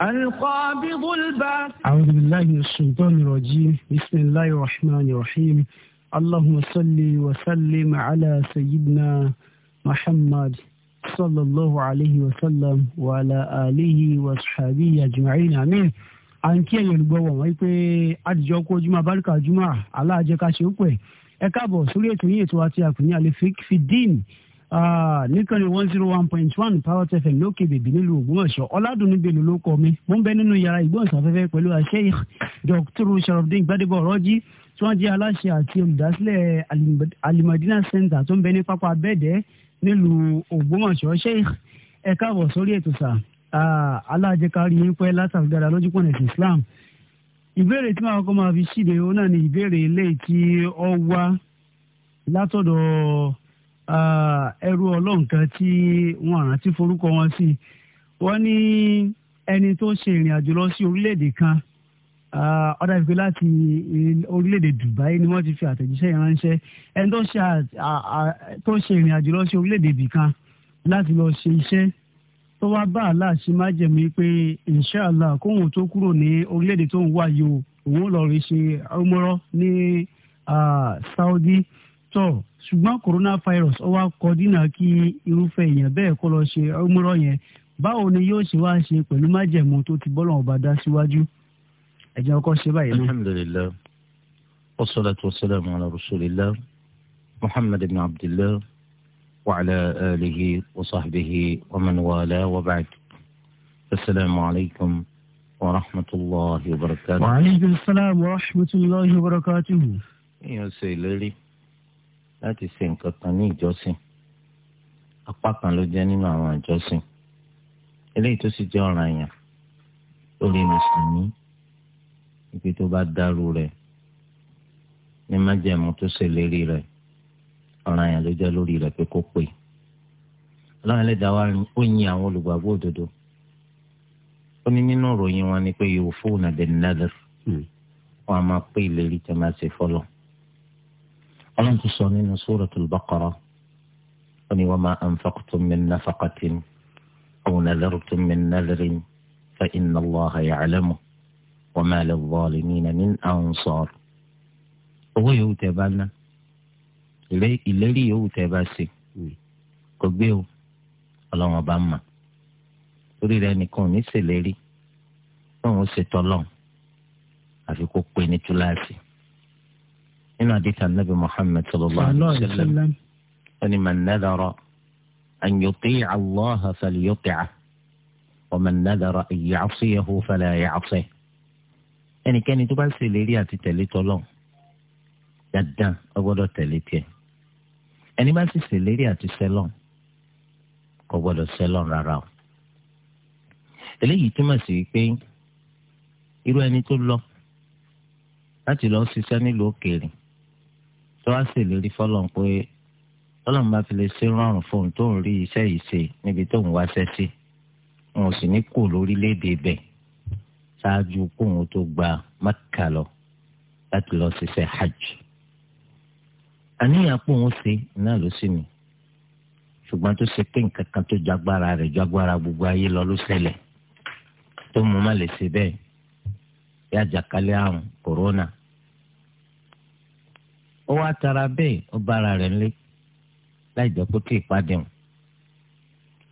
القابض الباسط أعوذ بالله من الشيطان الرجيم بسم الله الرحمن الرحيم اللهم صل وسلم على سيدنا محمد صلى الله عليه وسلم وعلى آله وصحبه أجمعين آمين à ń kí ẹ̀yin olùgbọ́wọ́ wọ́n pé àdìjọ kó jùmọ̀ abáríkà jùmọ̀ aláàjẹká ṣe ó pẹ́ ẹ káàbọ̀ sórí Ah, níkànnì one zero one point one power tfm lókè bèbí nílùú ògbómọ̀ṣọ́ ọládùnní bèlú ló kọ mi mo ń bẹ nínú yàrá ìgbóhùnsáfẹ́fẹ́ pẹ̀lú Sheikh Dr. sharafdin gbadebo ọ̀rọ̀jì tí wọ́n jẹ́ aláṣẹ àti olùdásílẹ̀ alimadina center tó ń bẹ ní pápá abẹ́ẹ̀dẹ́ nílùú ògbómọ̀ṣọ́ Sheikh ẹ káàbọ̀ sórí ètò sà ah, alájẹkárí yín pẹ́ látàgbára lójúpọ̀ nẹ̀sìn Islam ìbéèrè tí màá kọ́ máa fi ṣíde ó náà ní ìbéèrè eléyìí tí ó wá látọ̀dọ̀ ẹrú ọlọ́run kan tí wọ́n rántí forúkọ wọn sí wọ́n ní ẹni tó ṣe ìrìn àjò lọ sí orílẹ̀-èdè kan ọ̀dà ìpè láti orílẹ̀-èdè Dubai ni wọ́n ti fi àtẹ̀jíṣẹ́ yẹn ránṣẹ́ ẹni tó ṣe ìrìn àjò lọ sí orílẹ̀-èdè ibì kan láti lọ ṣe iṣẹ́ tó wá bá aláàṣì má jẹ̀mí pé inshàlá kóhun tó kúrò ní orílẹ̀-èdè tó ń wá yìí o òun lọ rí ṣe ọmọrọ ní Saudi tó. So, ṣùgbọ́n coronavirus ó wá kọ dínà kí irúfẹ́ èèyàn bẹ́ẹ̀ kó lọ ṣe ọmúrọ̀ yẹn báwo ni yóò ṣe wá ṣe pẹ̀lú májẹ̀mú tó ti bọ́lọ̀ ọba dá síwájú ẹ̀jẹ̀ ọkọ ṣe báyìí náà. alhamdulillah wassalatu wassalamu ala rasulillah muhammad ibn abdillah wa ala alihi wa sahbihi wa man wa ba'd assalamu alaykum wa rahmatullahi wa barakatuh. wa aleykum salaam wa rahmatullahi wa barakatuh. èèyàn ṣe ìlérí láti ṣe nǹkan kan ní ìjọsìn apá kan ló jẹ́ nínú àwọn ìjọsìn eléyìí tó sì jẹ́ ọ̀ràn yẹn lórí mùsùlùmí ibi tó bá dàrú rẹ̀ ní májẹ̀mú tó ṣèlérí rẹ̀ ọ̀ràn yẹn ló jẹ́ lórí rẹ̀ pé kó pè ọlọ́run ẹlẹ́dàá wa ó yin àwọn olùgbàgbọ́ òdodo ó ní nínú ìròyìn wọn ni pé yòófó nàdẹ̀nàdẹ̀ wọn a máa pé ìlérí tẹ́ máa ọlọ́run ti sọ nínú suratul Baqara ó ní wa ma anfaqtum min nafaqatin aw nadhartum min nadhrin fa inna Allaha ya'lamu wa ma lil-zalimina min ansar. owó yòówù tẹ́ bá ná ìlérí yòówù tẹ́ bá ṣe kò gbé o ọlọ́run ọba mà torí rẹ̀ nìkan ní ṣèlérí lọ́run ó ṣe tọ́lọ́run àfi kó pe ní túláàsì nínú àdìsá nàbì muhammed sallallahu alayhi wa sallam ẹni man nadara an yuti'a allaha falyuti'ah wa man nadara an ya'siyahu fala ya'sih ẹnikẹ́ni tó bá ṣèlérí àti tẹ̀lé tọ́lọ́run dandan ọgbọ́dọ̀ tẹ̀lé tiẹ̀ ẹni bá sì ṣèlérí àti sẹ́lọ̀n kò gbọ́dọ̀ sẹ́lọ̀n rárá o eléyìí túmọ̀ sí pé irú ẹni tó lọ láti lọ ṣiṣẹ́ nílùú òkèèrè tó wá ṣèlérí fọlọ́n pé fọlọ́n bá fi lè ṣe rọrùn fóun tó ń rí iṣẹ́ yìí ṣe níbi tó ń wáṣẹ́ sí wọn ò sì ní kù lórílẹ̀‐èdè bẹ̀ ṣáájú kóun tó gba Mẹ́kà lọ láti lọ ṣiṣẹ́ hajj àníyàn pé òun ṣe náà ló sì ní ṣùgbọ́n tó ṣe pé nǹkan kan tó jagbára rẹ̀ jagbára gbogbo ayé lọ ló ṣẹlẹ̀ tó mú má lè ṣe bẹ́ẹ̀ yá àjàkálẹ̀ àrùn kòrónà ó wá tara bẹ́ẹ̀ ó bára rẹ̀ lé láì jẹ́ kó tí ì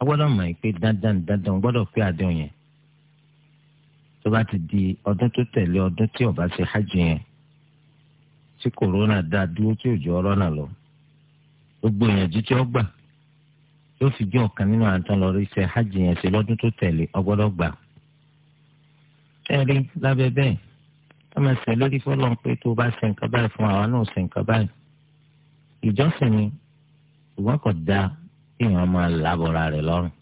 a gbọ́dọ̀ mọ̀ ẹ́ pé dandan dandan gbọ́dọ̀ pé àdéhùn yẹn tó bá ti di ọdún tó tẹ̀lé ọdún tí ọba bá ṣe hajj yẹn tí kòrónà dá dúró tí òjò ọ̀rọ̀ náà gbogbo ìyànjú tí ó gbà yóò fi jẹ́ ọ̀kan nínú àǹtán lọ rí hajj yẹn ṣe lọ́dún tó tẹ̀lé gbà. ká máa ṣe lórí fọlọ́n pé tó bá ṣe nǹkan báyìí fún àwa náà ṣe nǹkan báyìí ìjọsìn ni ṣùgbọ́n kò dáa kí èèyàn máa lábọ̀ra lọ́rùn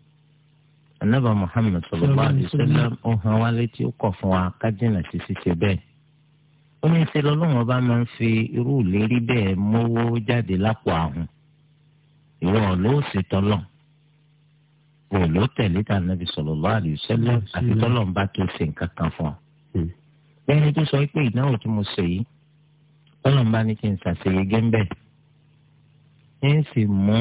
anábà Muhammad sallallahu alaihi wasallam ó hàn wá létí ó kọ̀ fún wa ká jìnnà sí ṣíṣe bẹ́ẹ̀ ó ní ṣe lọ́lọ́run ọba máa ń fi irú ìlérí bẹ́ẹ̀ mówó jáde lápò àhùn ìwọ ló ṣètọ́lọ̀ kò ló tẹ̀lé tà nàbì sallallahu alaihi àti tọ́lọ̀ ń ẹni tó sọ pé ìdánwò tí mo ṣe yìí ọlọ́mọba ni kí n ṣàṣeyege ń bẹ̀ ń sì mú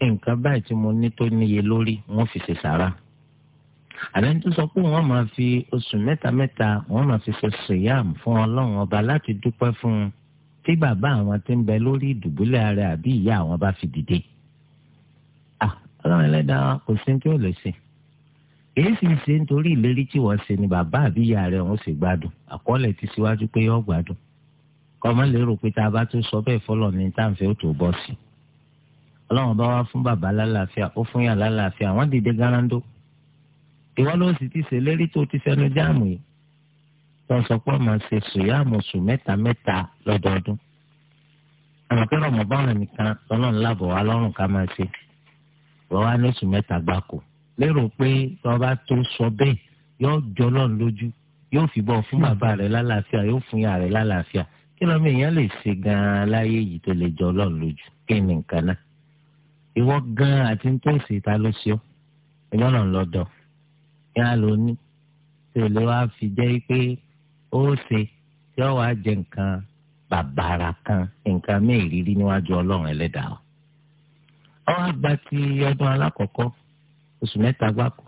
nǹkan báyìí tí mo ní tó níye lórí wọ́n fi ṣe sàrà àlẹ́ tó sọ pé wọ́n máa fi oṣù mẹ́ta mẹ́ta wọ́n máa fi ṣe ṣèyàm fún ọlọ́run ọba láti dúpẹ́ fún un tí bàbá àwọn tí ń bẹ lórí ìdùbúlẹ̀ rẹ̀ àbí ìyá àwọn bá fi dìde. Ah, ọlọ́run ẹlẹ́dàá kò sí ní tí ó lè ṣe èyí sì ń ṣe nítorí ìlérí tí wọ́n ṣe ni bàbá àbí ìyá rẹ̀ wọ́n sì gbádùn àkọọ́lẹ̀ ti síwájú pé yọ́ gbádùn kọ́mọ lérò pé tá a bá tún sọ bẹ́ẹ̀ fọlọ́ ní táǹfẹ́ ó tó bọ́ sí i ọlọ́run bá wá fún bàbá lálàáfíà ó fún yà lálàáfíà wọ́n dìde garando ìwọ́n ló sì ti ṣèlérí tó ti fẹnu jáàmù yìí tó sọ pé ọmọ ṣe sùyàmù sùn mẹ́ta mẹ́ta lọ́dọọdún àwọn akẹ́rọ̀ lérò pé tọba tó sọ bẹ́ẹ̀ yóò jọ lọ́n lójú yóò fi bọ́ fún bàbá rẹ̀ lálàáfíà yóò fún ìyá rẹ̀ lálàáfíà kí lọ́mọ èèyàn lè ṣe gan-an láyé yìí tó lè jọ lọ́n lójú kí ni nǹkan náà ìwọ gan-an àti ń tó ìsè ta ló ṣe ọ́ ẹgbẹ́ náà lọ́dọ̀ kí á lò ní tí lè wá fi jẹ́ pé ó ṣe tí ó jẹ nǹkan bàbàrà kan nǹkan mẹ́rin rí níwájú ọlọ́run ẹlẹ́dàá ọ́ wá gba ti ọdún alákọ̀ọ́kọ́ oṣù mẹ́ta gbáko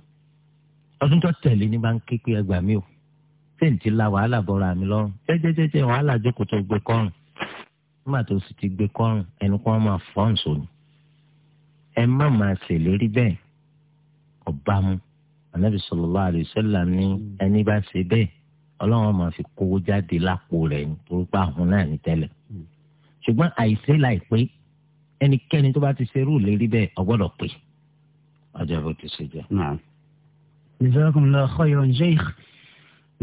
ọdún tó tẹ̀lé ní bá ń ké pé ẹgbàá mi ò sèǹtì la wàhálà bọ̀rọ̀ àmì lọ́rùn jẹ́jẹ́jẹ́jẹ́ wàhálà jókòó tó gbé kọ́rùn nígbà tó sì ti gbé kọ́rùn ẹnu kọ́ máa fọ́n sóni ẹ má máa ṣèlérí bẹ́ẹ̀ ọba mu anabi sallallahu alaihi wasallam ní ẹni bá ṣe bẹ́ẹ̀ ọlọ́run máa fi kówó jáde lápò rẹ̀ nítorí pé àhùn náà ní tẹ́lẹ̀ ṣùgbọ́n àìsí láìpé ẹnikẹ́ni tó bá ti ṣerú ìlérí bẹ́ẹ̀ ọgbọ́dọ̀ pè é ajá bó نعم. ṣe jẹ. jazakumullahu khairan sheikh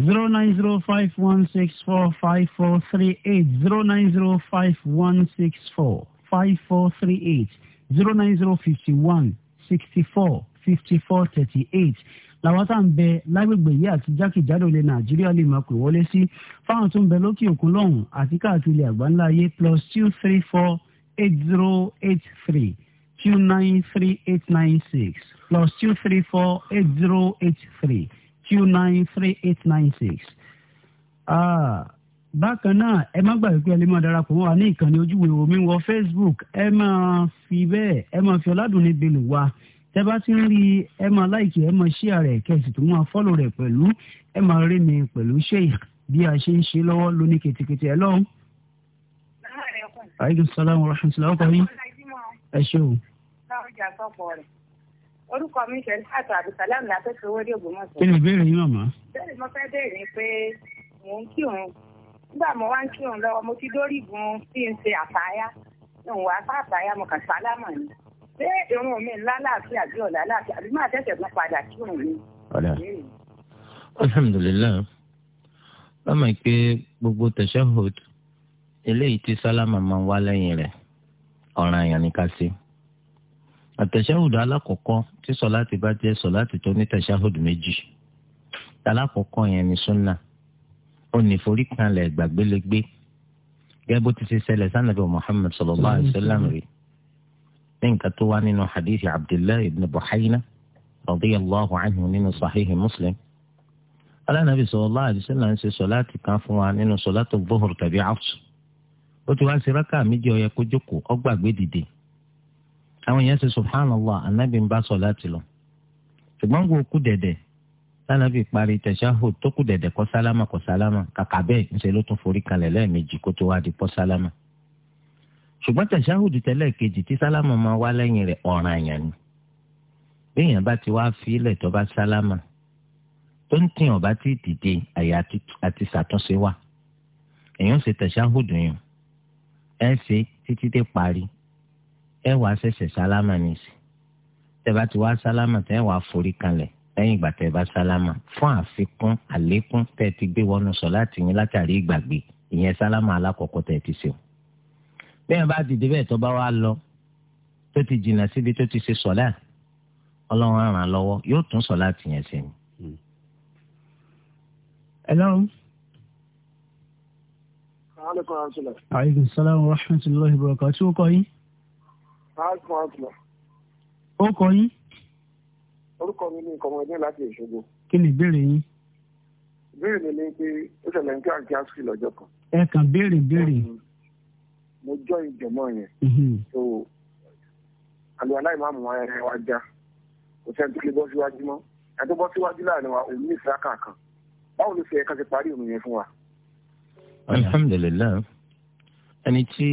zero nine zero five one six four five four three eight zero nine zero five one six four five four three eight zero nine zero fifty one sixty four fifty four thirty eight làwọn tá à ń bẹ lágbègbè yìí àti jákèjádò ilẹ̀ nàìjíríà lè máa pè wọlé sí fáwọn tó ń bẹ lókè òkun lọ́hùn àti káàkiri àgbáńlá ayé plus two three four eight zero eight three two nine three eight nine six plus two three four eight zero eight three two nine three eight nine six. Ah, bákan náà ẹ má gbàgbé pé ẹ lè máa darapọ̀ mọ́ wa ní ìkànnì ojúwe omi wọ Facebook ẹ máa fi bẹ́ẹ̀ ẹ máa fi ọ̀làdùnní belò wa tẹ bá ti ń rí ẹ máa láìkì ẹ máa share rẹ̀ kẹsì tó máa follow rẹ̀ pẹ̀lú ẹ máa rí mi pẹ̀lú sheikh bí a ṣe ń ṣe lọ́wọ́ lóní kìtìkìtì ẹ lọ́hùn. aleykum salaam wa rahmatulah ọkọ yìí ẹ ṣé o. náà ọjà sọpọ rẹ orúkọ mi ṣe láti abdulsalam látẹsẹ owó dé Ògbómọ̀ṣọ́. kí ni ìbéèrè yín màmá. bẹ́ẹ̀ mo fẹ́ béèrè ni pé mò ń kírun nígbà mo wá ń kírun lọ́wọ́ mo ti dórí gun tí n ṣe àtàyà òun wá fà àtàyà mo kàn sálámà ni ṣé irun mi ńlá láàfin àbí ọ̀la láàfin àbí máa tẹ̀sẹ̀ tún padà kírun mi. ọ̀la alhamdulilayi wọ́n mọ̀ pé gbogbo tashahhud eléyìí tí sálámà máa ń wá lẹ́yìn rẹ̀ ọ̀ràn àyàn ni ká ṣe. àtẹ̀sáhùdù alákọ̀ọ́kọ́ tí sọ̀láàtì bá jẹ́ sọ̀láàtì tó ní tẹ̀sáhùdù méjì alákọ̀ọ́kọ́ yẹn ni súnà ó ní forí kanlẹ̀ gbàgbélégbé gẹ́gẹ́ bó ti ṣe ṣẹlẹ̀ sanabi muhammed sallallahu alayhi wa sallam rí ní nǹkan tó wá nínú hadith abdullahi ibn buhayna radiyallahu anhu nínú sahihi muslim alanabi sallallahu alayhi wa sallam ṣe sọ̀láàtì kan fún wa nínú sọ̀láàtì dhuhur tàbí asr ó ti wá sí rákà méjì ó kó jókòó ó dìde àwọn subhanallah anabi ń bá sọ láti lọ ṣùgbọ́n gbogbo kú dẹ̀dẹ̀ sanabi parí tashahhud tó kú dẹ̀dẹ̀ kọ́ sálámà kọ́ sálámà kàkà bẹ́ẹ̀ ńṣe ló tún forí kalẹ̀ lẹ́ẹ̀mejì kó tó wá di pọ́ sálámà ṣùgbọ́n tashahhud tẹ́lẹ̀ kejì tí sálámà máa wá lẹ́yìn rẹ̀ ọ̀ràn àyàn ni bá ti wá fílẹ̀ tó bá sálámà tó ń tìyàn bá ti ẹ ṣe títí dé parí ẹ wàá ṣẹ̀ṣẹ̀ sálámà nìsí tẹ́bá ti wá sálámà tẹ́ wàá forí kanlẹ̀ lẹ́yìn ìgbà tẹ́bá sálámà fún àfikún àlékún tẹ́ ti gbé wọnú sọ láti yín látàrí ìgbàgbé ìyẹn sálámà alákọ̀ọ́kọ́ tẹ́ ti ṣe o. bẹ́ẹ̀ bá dìde bẹ́ẹ̀ tó bá wá lọ tó ti jìnnà síbi tó ti ṣe sọ̀lá ọlọ́run ràn án lọ́wọ́ yóò tún sọ̀lá tìyẹn ṣe ni. ẹ lọ́run aleykum salaam wa rahmatulahi wa barakatuh ó kọ yín. ó kọ yín. orúkọ mi ní ìkọmọdé láti Òṣogbo. kí ni ìbéèrè yín. ìbéèrè mi ni pé ó ṣẹlẹ̀ ní kí àǹkí àṣírí lọ́jọ́ kan. ẹ kàn béèrè béèrè. mo jọ ìjọmọ yẹn. Mhm. so àlè aláìmáàmù wa ẹ wá já kò sẹ́ni tó lè bọ́ síwájú mọ́ ẹ tó bọ́ síwájú láàrin wa òun ní ìfẹ́ kàkan báwo ló ṣe ẹ̀ka ti parí òun yẹn fún wa alhamdulilayi ẹni tí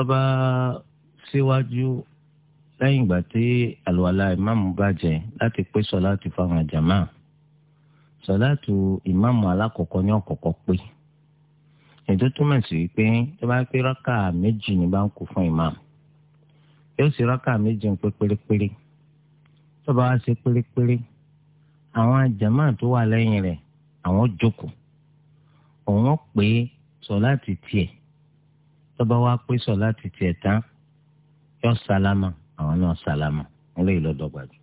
ọba síwájú lẹ́yìn ìgbà tí àlùwàlá ìmáàmù bàjẹ́ láti pé sọláàtì fáwọn jàmá sọláàtù ìmáàmù alákọ̀ọ́kọ́ ní ọ̀kọ̀ọ̀kọ́ pé ètò túmọ̀ sí pé tó bá pé rákà méjì ní bá ń kú fún ìmáàmù yóò sì rákà méjì ń pé pérépéré tó bá wá ṣe pérépéré àwọn jàmá tó wà lẹ́yìn rẹ̀ àwọn jókòó òun pé sọláàtì tiẹ̀ tọ́ba wa pé sọláàtì tiẹ̀ tán yọ sálámà àwọn náà sálámà wọn lè lọ́dọ̀ gbàdú.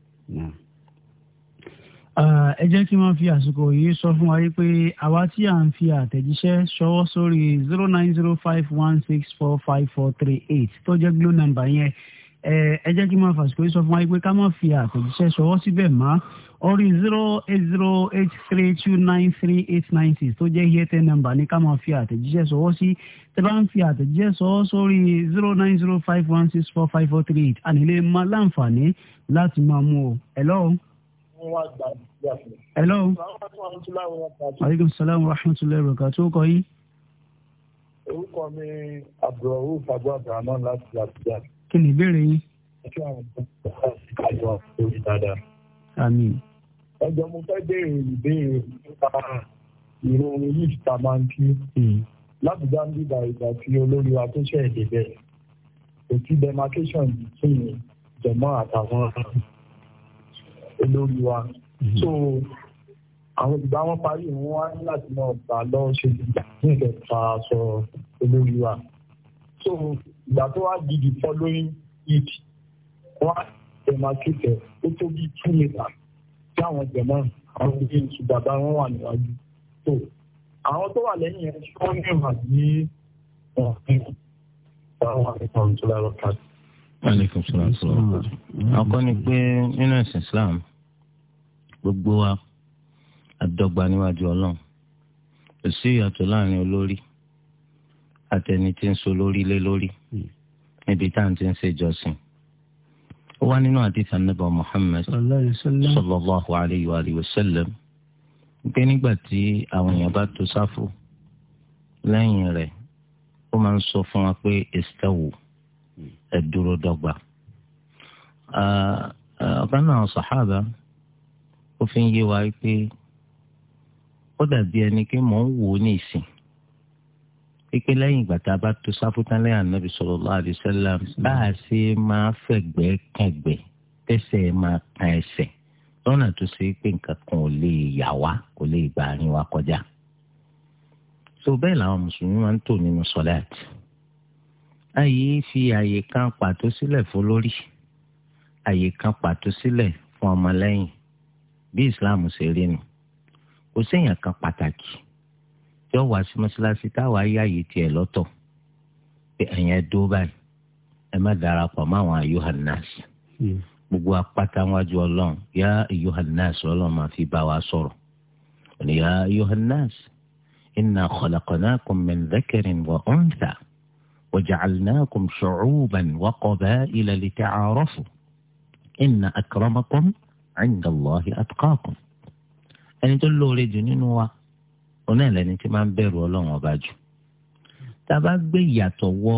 ẹ jẹ́ kí wọ́n fi àsìkò yìí sọ fún wa yìí pé àwa tí à ń fi àtẹ̀jíṣẹ́ ṣọwọ́ sórí zero nine zero five one six four five four three eight tó jẹ́ glo number yẹn ẹ jẹ́ kí wọ́n fàsìkò yìí sọ fún wa yìí pé ká má fi àtẹ̀jíṣẹ́ ṣọwọ́ síbẹ̀ mọ́ orí zero eight zero eight three two nine three eight nine six tó jẹ́ airtel number ní ká máa fi àtẹ̀jíṣẹ́ sọ́wọ́ sí tẹ́ bá ń fi àtẹ̀jíṣẹ́ sọ́wọ́ sórí zero nine zero five one six four five four three eight ànílé máa láǹfààní láti máa mú o. hello. hello. aleykum salaam wa rahmatulahi wa barakatuh kọ́ yín. orúkọ mi abdulrahman fagbọn abdulrahman láti àbújá. kí ni ìbéèrè yín. ẹ ṣe àwọn ọmọ ìgbà àjọ orí dáadáa. Amém ẹjọ́ mo fẹ́ béèrè ìbéèrè nípa ìròyìn yìí ta máa ń kí hmm. láti dáńdí ìgbà ìgbà tí olórí wa tó ṣe èdè bẹ́ẹ̀ kò sí demarcation between jẹ̀mọ́ àtàwọn olórí wa hmm. so àwọn ìgbà wọn parí wọn wá ní láti máa gbà lọ ṣe ìgbà ní ìkẹta sọ olórí wa so ìgbà tó wá di the following week wọn á tẹ̀ máa kéde ó tó bí two meters tí àwọn jẹ̀mọ́ àwọn ilé ìtù bàbá wọn wà níwájú tó àwọn tó wà lẹ́yìn yẹn tí wọ́n ní ìwà ní ọ̀hún àwọn àìsàn tó lárọ́ káàdì. aleykum salaam salaam ọkọ ni pé nínú ẹ̀sìn Islam gbogbo wa àdọ́gba níwájú Ọlọ́run kò sí ìyàtọ̀ láàrin olórí àtẹni tí ń so lórí lé lórí níbi tá à ń ti ń ṣèjọsìn. Mm ó wá nínú àdìsá nàbà Muhammad sallallahu alayhi wa alihi wa sallam pé nígbà tí àwọn èèyàn bá tó sáfù lẹ́yìn rẹ̀ ó máa ń sọ fún wa pé istawu ẹ dúró dọ́gba. ọ̀kan náà sàhábà fi ń yé wa pé ó dàbí ẹni pé mò ń wò ó ní pípé lẹ́yìn ìgbà tá a bá tó sáfútán lẹ́yìn ànábì sallallahu alaihi wasallam bá a ṣe máa fẹ̀gbẹ́ kẹ̀gbẹ́ tẹ̀sẹ̀ máa kan ẹsẹ̀ lọ́nà tó ṣe pé nǹkan kan ò lè yà wá kò lè gbà àárín wa kọjá. so bẹ́ẹ̀ làwọn mùsùlùmí máa ń tò nínú sọ́láàtì. àyè fi àyè kan pàtó sílẹ̀ fún olórí àyè kan pàtó sílẹ̀ fún ọmọlẹ́yìn bí ìsìláàmù ṣe rí nu kò séèyàn kan pàtàkì yọ wá sí mọ́ṣáláṣí táwa yá yìí tiẹ̀ lọ́tọ̀ pé ẹ̀yin ẹ̀dó báyìí ẹ má darapọ̀ mọ́ àwọn ayúhannas gbogbo apátánwájú ọlọ́run yá ayúhannas ọlọ́run máa fi bá wa sọ̀rọ̀ òní yá ayóhannas inna khalaqnakum min dhakarin wa untha wa ja'alnakum shu'uban wa qaba'ila lita'arafu inna akramakum 'inda Allahi atqakum ẹni tó lóore jù nínú wa. oní ẹlẹni tí máa ń bẹ̀rù Ọlọ́run ọba jù tá a bá gbé ìyàtọ̀ wọ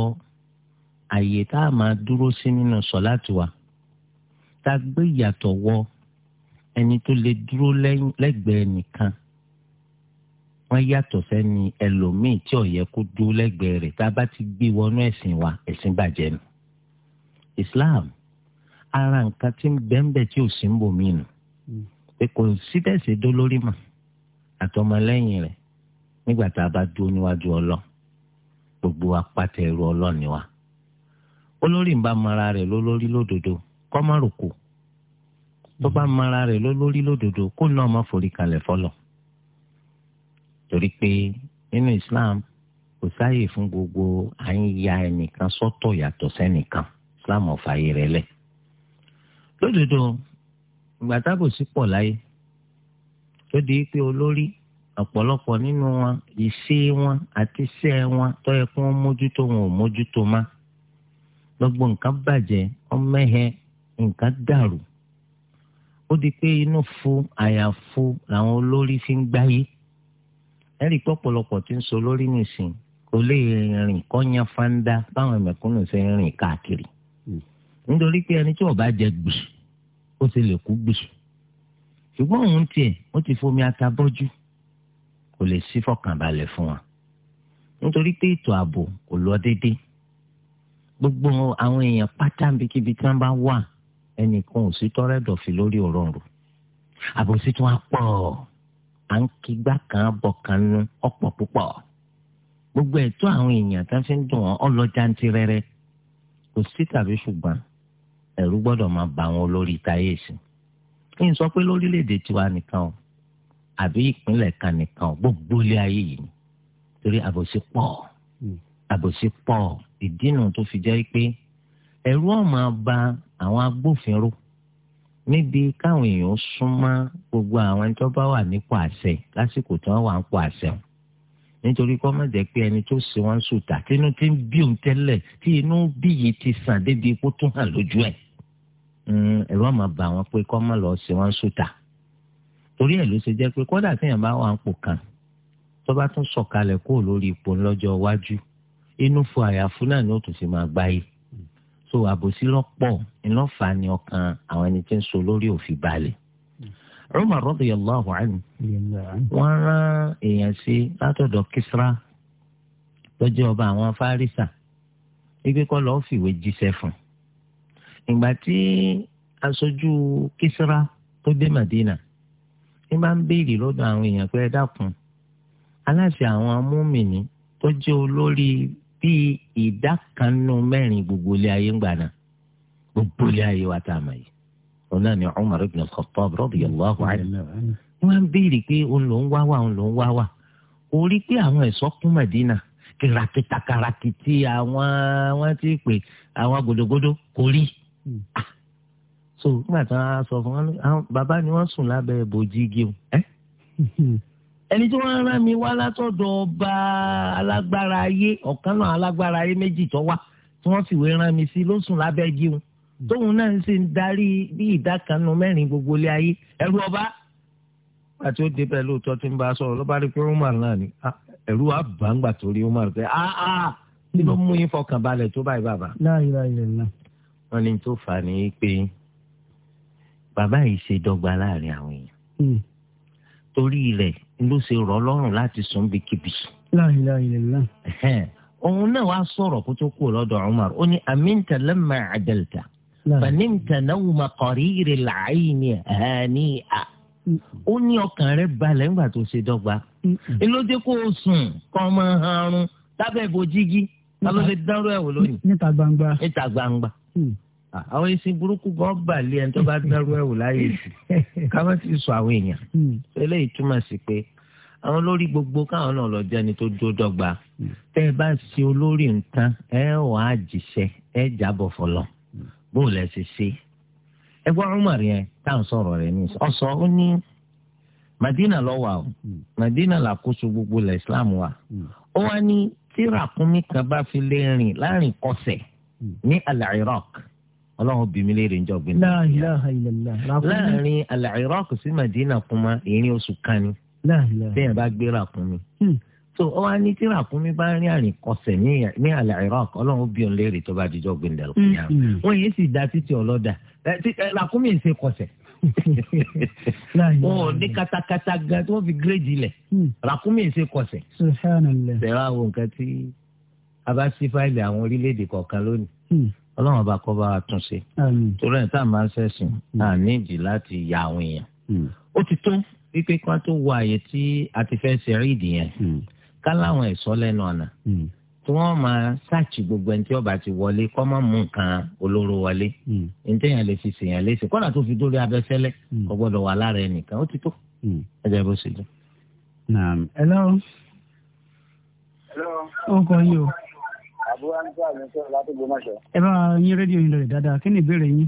àyè tá a máa dúró sí nínú sọláàtì wa tá a gbé ìyàtọ̀ wọ ẹni tó lè dúró lẹ́gbẹ̀ẹ́ nìkan wọ́n yàtọ̀ sẹ́ni ẹlòmíì tí ò kó dúró lẹ́gbẹ̀ẹ́ rẹ̀ tá a bá ti gbé wọnú ẹ̀sìn wa ẹ̀sìn bàjẹ́ nù Islam ara nǹkan tí ń bẹ́ńbẹ́ tí ò sí ń bòmí nù mm. pé kò sí tẹ̀sí dó lórí mà àtọmọlẹ́yìn rẹ̀ nígbà tá a bá dúró níwájú ọlọ́run gbogbo apáta ẹrú ọlọ ni wa olórí ń bá mara rẹ̀ lólórí lódodo kọ́ má ròkò tó bá mara rẹ̀ lólórí lódodo kó náà má forí kalẹ̀ fọlọ̀ torí pé nínú Islam kò sáàyè fún gbogbo à ń ya ẹnìkan sọ́tọ̀ yàtọ̀ sẹ́nìkan Islam ọ̀fààyè rẹ̀ lẹ̀ lódodo ìgbà tábòsí pọ̀ láyé tó di pé olórí ọ̀pọ̀lọpọ̀ nínú wọn ìṣe wọn àti iṣẹ́ wọn tó yẹ kí wọ́n mójútó wọn ò mójútó má gbogbo nǹkan bàjẹ́ ọmẹ́hẹ nǹkan dàrú ó di pé inú fu àyàfu làwọn olórí fi ń gbáyé ẹ̀rí pọ̀pọ̀lọpọ̀ tí ń so lórí nìsín kò lè rìn kọ́nyá fáńdá báwọn mẹ̀kúnnù ṣe ń rìn káàkiri nítorí pé ẹni tí ó jẹ gbèsè ó ti lè kú gbèsè ṣùgbọ́n òun tiẹ̀ ó ti fomi ata kò lè sí fọkànbalẹ̀ fún wa nítorí pé ètò ààbò kò lọ déédéé gbogbo àwọn èèyàn pátá níbikíbi tí wọ́n bá wà ẹnìkan ò sí tọrẹ dọ̀fì lórí ọ̀rọ̀ rò àbòsí tí wọ́n pọ̀ à ń kígbà kan bọ̀ kan nu ọ̀pọ̀ púpọ̀ gbogbo ẹ̀tọ́ àwọn èèyàn tá fi ń dùn wọn ọlọ́jà ń tirẹrẹ kò sí tàbí ṣùgbọ́n ẹ̀rú gbọ́dọ̀ máa bà wọn lórí táyé sí i ń sọ pé lórílẹ̀ tiwa nìkan o àbí ìpínlẹ̀ kan nìkan gbogbo ilé ayé yìí torí àbòsí pọ̀ hmm. àbòsí pọ̀ ìdínà tó fi jẹ́ pé ẹ̀rú ọ̀mà ba àwọn agbófinró níbi káwọn èèyàn súnmọ́ gbogbo àwọn tó bá wà nípò àṣẹ lásìkò tí wọ́n wà nípò àṣẹ wọn nítorí kọ́ má jẹ́ pé ẹni tó ṣe wọ́n sùtà tínú tí ń bí òun tẹ́lẹ̀ tí inú bí yìí ti sàn débi ikú tó hàn lójú ẹ̀ hmm, ẹ̀rọ máa bà wọ́n pé kọ́ má lọ ṣe wọ́n sùtà torí ẹ̀ ló ṣe jẹ́ pé kódà téèyàn bá wà ń pò kan tó bá tún sọ̀kalẹ̀ kó lórí ipò lọ́jọ́ iwájú inú fún àyàfún náà ni ó tún fi máa gbáyé so àbòsí lọ́pọ̀ ńlọ́fà ni ọkàn àwọn ẹni tí ń so lórí òfin balẹ̀. Umar radiyallahu anhu wọ́n rán èèyàn sí látọ̀dọ̀ Kisra lọ́jọ́ ọba àwọn Fárísà wípé kọ́ lọ́ọ́ fìwé jíṣẹ́ fún ìgbà tí aṣojú Kisra tó dé Madina ní bá ń béèrè lọ́dọ̀ àwọn èèyàn pé ẹ dákun aláṣẹ àwọn amúmìnì tó jẹ́ olórí bíi ìdá kan nínú mẹ́rin gbogbo ilé ayé ń gbà náà gbogbo ilé ayé wa tá a mọ̀ yìí òun náà ni Umar ibn al-Khattab radiyallahu anhu wọ́n ń béèrè pé òun ló ń wá wà òun ló ń wá wà orí pé àwọn ẹ̀ṣọ́ kún Mẹ̀dínà kìràkìtà kàràkìtì àwọn wọ́n ti pè àwọn gbòdògbòdò kò rí hmm. ah, so nígbà tí wọ́n á sọ fún wọn bàbá ni wọ́n sùn lábẹ́ bòjì igi o ẹni tí wọ́n rán mi wá látọ̀dọ̀ ọba alágbára ayé ọ̀kan náà alágbára ayé méjì tó wà tí wọ́n fìwé rán mi sí ló sùn lábẹ́ igi o tóun náà ń ṣe ń darí bí ìdá kan nu mẹ́rin gbogbo ilé ayé ẹrú ọba àti ó dé bẹ́ẹ̀ lóòótọ́ tí ń bá a sọ̀rọ̀ ló bá rí pé Umar náà ni ah, ẹ̀rú àbáǹgbà torí Umar pé áá ah, ah, kí ló mú yín fọkàn balẹ̀ tó báyìí bàbá. láàyè láàyè náà. wọ́n ní tó fà ní pé bàbá yìí ṣe dọ́gba láàrin àwọn èèyàn hmm. torí rẹ̀ ló ṣe rọ̀ lọ́rùn láti sùn bí kíbi. òun náà wàá sọ̀rọ̀ kó tó kú lọ́dọ̀ Umar ó ní aminta lamma adalta fanimta nawma qariri al-ayni hani'a ó ní ọkàn rẹ̀ balẹ̀ ńgbà tó ṣe dọ́gba ìlódé hmm. kó sùn kọ́ ọmọ ọrùn lábẹ́ ìbòjígí lábẹ́ fi dánrọ́ ẹ̀wò lónìí níta gbangba níta gbangba. Hmm àwọn ẹṣin burúkú gan balẹ̀ ẹni tó bá dárú ẹ̀wò láyé sí káwọn ti sọ àwọn èèyàn hmm. eléyìí túmọ̀ sí pé àwọn olórí gbogbo káwọn náà lọ jẹni tó dó dọ́gba hmm. tẹ́ ẹ bá ṣe olórí nǹkan ẹ wàá jìṣẹ́ ẹ jábọ̀ fọlọ́ hmm. bó lẹ ṣe ṣe ẹgbọ́n Umar yẹn táwọn sọ̀rọ̀ rẹ̀ ní ọ̀sọ́ ó ní Madina lọ wà o Madina làkóso gbogbo ilẹ̀ Islam wa ó wá ní tí ràkúnmí kan bá fi lè rìn láàrin kọsẹ̀ ní al-Iraq ọlọ́run bí mi léèrè njọ́ gbé. la ilaha illallah. láàrin al-Iraq sí Madina kuma ìrìn oṣù kan ni bẹ́ẹ̀ bá gbé ràkúnmí. Hmm. so ó wá ní tí ràkúnmí bá rí àrìn kọsẹ̀ ní al-Iraq ọlọ́run bí òun léèrè tó bá dijọ́ gbé ndẹ̀rọ̀ kúnyà. Hmm. wọ́n yéé sì da títí ọlọ́dà ràkúnmí ń ṣe kọsẹ̀ wọn ò ní katakata gan tí wọn fi gírèjì lẹ hmm. ràkúnmí ṣe kọsẹ̀. sẹ̀rọ àwọn nǹkan tí a bá ṣí fáìlì àwọn orílẹ̀-èdè kọ̀ọ̀kan lónìí ọlọ́run bá kọ́ bá wa tún ṣe torí ẹ̀ tá a máa ń ṣẹ̀sìn náà hmm. nídìí láti ya àwọn èèyàn hmm. ó ti tó wípé kí wọ́n tó wọ àyè tí a ti fẹ́ ṣe rí ìdí yẹn hmm. ká láwọn ẹ̀ṣọ́ lẹ́nu ọ̀nà tí wọ́n máa ṣáàtì gbogbo ẹni tí ọba ti wọlé kọ́ máa mú nǹkan olóró wọlé ní téèyàn lè fi ṣèyàn léṣe kọ́nà tó fi dórí abẹ́fẹ́lẹ́ kò gbọ́dọ̀ wà lára ẹnìkan ó ti tó ẹjẹ bó ṣe jẹ. hello. hello. àbúrò ní sáà ní sọ̀rọ̀ láti gbọmọṣọ. ẹ bá yín rédíò yín lórí dáadáa kí ni ìbéèrè yín.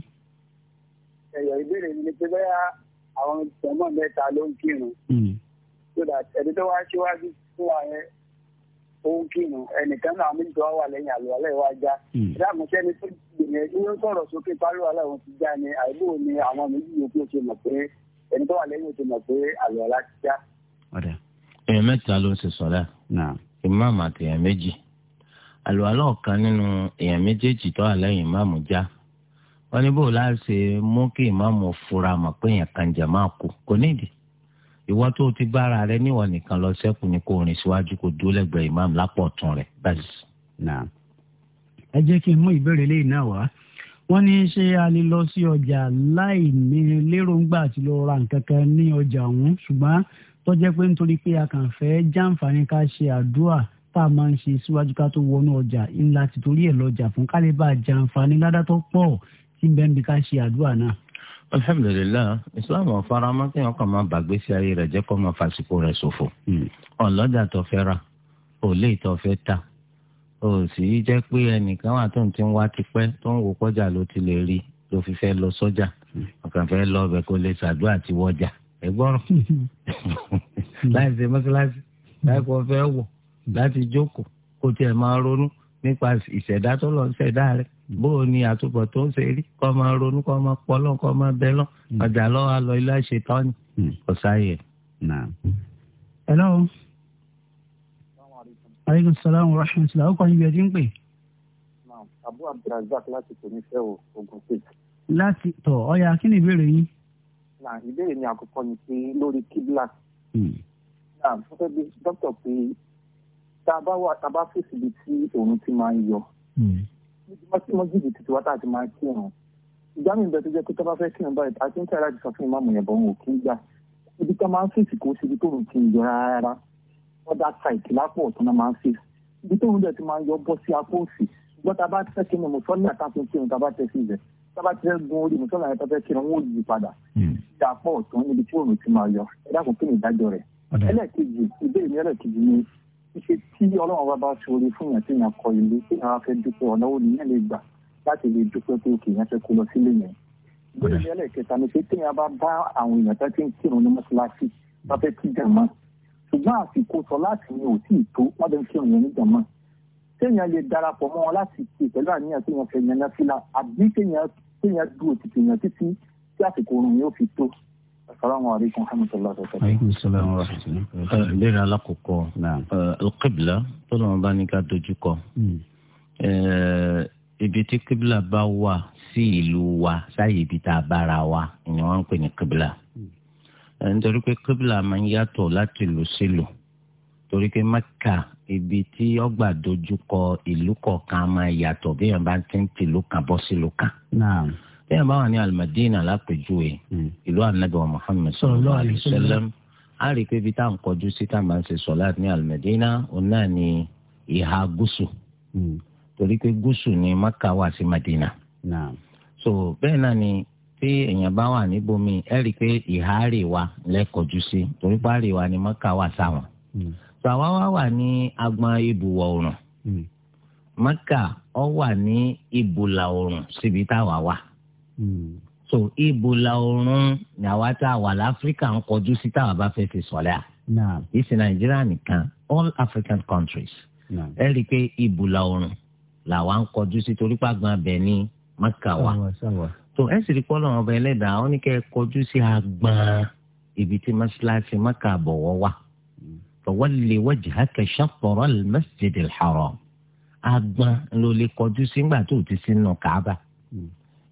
ẹyọ ìbéèrè mi ni pé bẹ́ẹ̀ àwọn mẹ́ta ló ń kírun. Hmm. so that ẹni tó wá síwájú fún wa yẹn ó ń kírun ẹnìkan náà méjì tó wá wà lẹ́yìn àlùwà lẹ́yìn wá já. ìdáàmú hmm. sẹ́ni tó gbìyànjú yẹn sọ̀rọ̀ sókè ti já ni àìbò ni àwọn méjì yòókù ti mọ̀ pé ẹni tó wà lẹ́yìn ti mọ̀ pé àlùwà láti já. mẹ́ta àlùwàlá ọ̀kan nínú èèyàn méjèèjì tó wà lẹ́yìn ìmáàmù já wọn ní bò láti ṣe mú kí ìmáàmù fura mọ̀ pé èèyàn kan kú kò nídìí ìwọ tó ti gbára rẹ níwọ nìkan lọ sẹ́kù ni kò rìn síwájú kò dúró lẹ́gbẹ̀ẹ́ ìmáàmù lápò ọ̀tún rẹ̀ báyìí. ẹ jẹ́ kí n mú ìbéèrè lẹ́yìn náà wá wọ́n ní ṣé a lè lọ sí ọjà láì ní léròǹgbà àti lọ ra nǹkan kan ní ọjà ọ̀hún tá a máa ń ṣe síwájú ká tó wọnú ọjà ńlá ti torí ẹ̀ lọ́jà fún ká lè bá a jàǹfààní ládàtọ̀ pọ̀ tí bẹ́ẹ̀ bí ká ṣe àdúrà náà. alhamdulilayi islam ọ̀farama kí wọn kàn máa bàgbésí ayé rẹ̀ jẹ́ kó máa fàṣíkò rẹ̀ ṣòfò hmm. ọ̀lọ́jà tó fẹ́ ra ò lè tó fẹ́ ta ò sì jẹ́ pé ẹnìkan wà tó ń ti wá tipẹ́ tó ń wò kọjá ló ti lè rí ló fi fẹ́ lọ sọ́jà hmm. ọ̀kàn fẹ́ lọ ìgbà tí jókòó kó tiẹ̀ máa ronú nípa ìṣẹ̀dá tó lọ ṣẹ̀dá rẹ̀ bóò ni àtúbọ̀ tó ń ṣe rí kọ́ máa ronú kọ́ máa pọ́lọ́ kọ́ máa bẹ́lọ́ hmm. ọjà lọ́wọ́ lọ ilé ṣetán ni hmm. kò sáyè. hello. aleykum salaam wa rahmatulah ọkọ yìí ẹdín pè. abu abdulrasaq láti tòun fẹ́ o ogun state. láti tọ̀ ọ̀ya kí ni ìbéèrè yín. ìbéèrè mi àkọ́kọ́ ni pé lórí kibla. Hmm. dókítà pé tá a bá wà tá a bá fèsì ibi tí òun ti máa ń yọ. Hmm. mọ́jìdì títí wá tá a ti máa kírun. ìgbà mi bẹ tó jẹ́ pé tó bá fẹ́ kírun báyìí àti ń tẹ̀lé àjùsọ fún ìmáàmù yẹn bọ̀ wọn ò kí ń gbà. ibi tó máa ń fèsì kó síbi tó òun ti ń yọ rárá. ọ̀dà sàìtì lápò ọ̀tún náà máa ń fèsì. ibi tó òun dẹ̀ ti máa ń yọ bọ́ sí apó òsì. ṣùgbọ́n bá fẹ́ kí ni ìdájọ́ rẹ̀ ṣe tí ọlọ́run bá bá ṣòro fún yàn tí yàn kọ ìlú tí yàn fẹ́ dúpẹ́ ọ̀nà òní yẹn lè gbà láti lè dúpẹ́ pé òkè yẹn fẹ́ kó lọ sílé yẹn. bóyá ní ẹlẹ́kẹta ni pé tí yàn bá bá àwọn èèyàn tó ti ń kírun ní mọ́ṣáláṣí bá fẹ́ kí jàmá ṣùgbọ́n àsìkò sọ láti ní ò tí ì tó wọ́n ti ń kírun yẹn ní jàmá. téèyàn lè darapọ̀ mọ́ wọn láti ṣe pẹ̀lú àníyàn tí yàn fẹ́ yẹn náfìlà àbí téèyàn du òtítì yàn títí السلام عليكم ورحمة الله وبركاته. عليكم السلام ورحمة الله. ìbéèrè alákọ̀ọ́kọ́ alqibla tọ́lọ́mọ bá ní ká dojú kọ. Hmm. ibi tí qibla bá wà sí ìlú wa sáyé ibi tá a bára wa ni wọ́n ń pè ní qibla. Hmm. nítorí pé qibla máa ń yàtọ̀ láti ìlú sí ìlú torí pé mẹ́kà ibi tí ọgbà dojú kọ ìlú kọ̀ọ̀kan máa yàtọ̀ bí èèyàn bá ti ń tìlú kan bọ́ sílùú kan. náà téèyàn bá wà ní alimadina lápèjúwe hmm. ìlú anabi wa muhammed sallallahu alayhi wa sallam a rí i pé ibi tá à ń kọjú sí tá à máa ń ṣe sọláàtì ní alimadina òun náà ní ìhà gúúsù hmm. torí pé gúúsù ni maka wà sí madina so bẹ́ẹ̀ náà ni tí èèyàn bá wà níbòmí ẹ rí i pé ìhà àríwá lẹ́kọ̀ọ́jú sí torí pé àríwá ni maka wà sáwọn hmm. so àwa wá wà ní agbọn ibùwọ̀ oòrùn maka ọ wà ní ibùlà oòrùn síbi táwa wà. Mm Hmm. so ibo la oorun ni àwa tá a wà láfíríkà ń kọjú sí táwa bá fẹ́ fi sọ̀lẹ́ à ìsìn nàìjíríà nìkan all african countries ẹ rí i pé ibo la oorun làwa ń kọjú sí torí pàgbọ́n abẹ ní maka wa tó ẹ sì rí pọ́lọ́ ọba ẹlẹ́dàá ó ní kẹ́ ẹ kọjú sí agbọ́n ibi tí mọ́ṣáláṣí maka bọ̀wọ́ wà hmm. fawalli wajhaka shatr al-masjid al-haram agbọ́n ló lè kọjú sí ńgbà tó ti sínú kaaba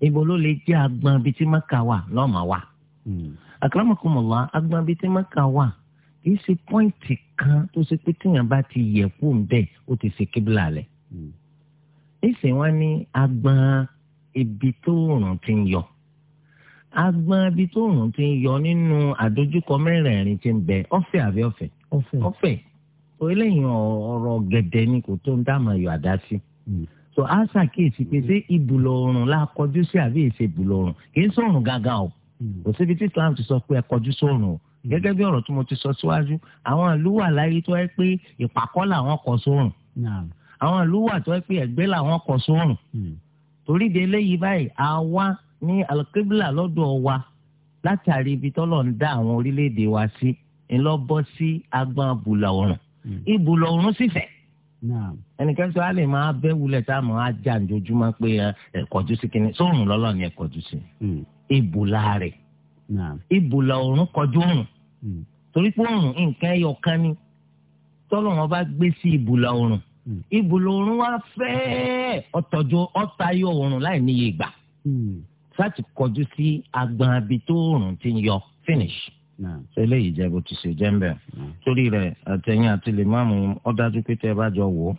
ibo ló lè jẹ́ agbọn bíi tí maka wà lọ́mọ wa. Hmm. akramakumullah agbọn bíi tí maka wà kì í ṣe pọ́ìntì kan tó ṣe pé tíyàn bá ti yẹ kú ńbẹ ó ti ṣe kíbla lẹ̀. ìsìn hmm. wọn ní agbọn ibi tó rùn ti ń yọ agbọn ibi tó rùn ti ń yọ nínú àdójúkọ mẹ́rẹ̀ẹ̀rin ti ń bẹ ọ̀fẹ́ àbí ọ̀fẹ́ ọ̀fẹ́ ọ̀fẹ́ eléyìí ọ̀rọ̀ gẹ̀dẹ̀ ni kò tó ń dá so a ṣàkíyèsí pé ṣé ibùlọ̀ oòrùn la kọjú sí àbí èsè ibùlọ̀ oòrùn kì í sọ̀rùn gángan o kò síbi tí Islam ti sọ pé ẹ kọjú sọ̀rùn o gẹ́gẹ́ bí ọ̀rọ̀ tí mo ti sọ síwájú àwọn ìlú wà láyé tó yẹ pé ìpàkọ́ làwọn kọ sọ̀rùn àwọn ìlú wà tó yẹ pé ẹ̀gbẹ́ làwọn kọ sọ̀rùn hmm. torí de eléyìí báyìí àwa ní alqibla lọ́dọ̀ wa látàrí ibi tọ́lọ̀ ń dá àwọn orílẹ̀-èdè wa sí ńlọ bọ́ sí agbọn abùlà oòrùn ibùlà oòrùn sì fẹ̀ ẹnìkan sọ alẹ máa bẹ wulẹ tá a máa já njojúmọ pé ẹ hmm. kọjú sí kínní sóòrùn lọlọ ni ẹ kọjú sí ibùlà rẹ ibùlà òòrùn kọjú òòrùn torí pé òòrùn nǹkan ẹyọ kan ni tọ́lọ̀ wọn bá gbé sí ibùlà òòrùn ibùlà hmm. òòrùn wá fẹ́ẹ́ ọ̀tọ̀jọ ọ̀tayọ òòrùn láì níye ìgbà hmm. láti kọjú sí agbọn abitó òòrùn ti yọ finish. Mm sẹlẹ yìí jẹ bó ti ṣe jẹ ń bẹ torí rẹ̀ àtẹ̀yìn àti lè máàmù ọ dájú pé tẹ́ bá jọ wò ó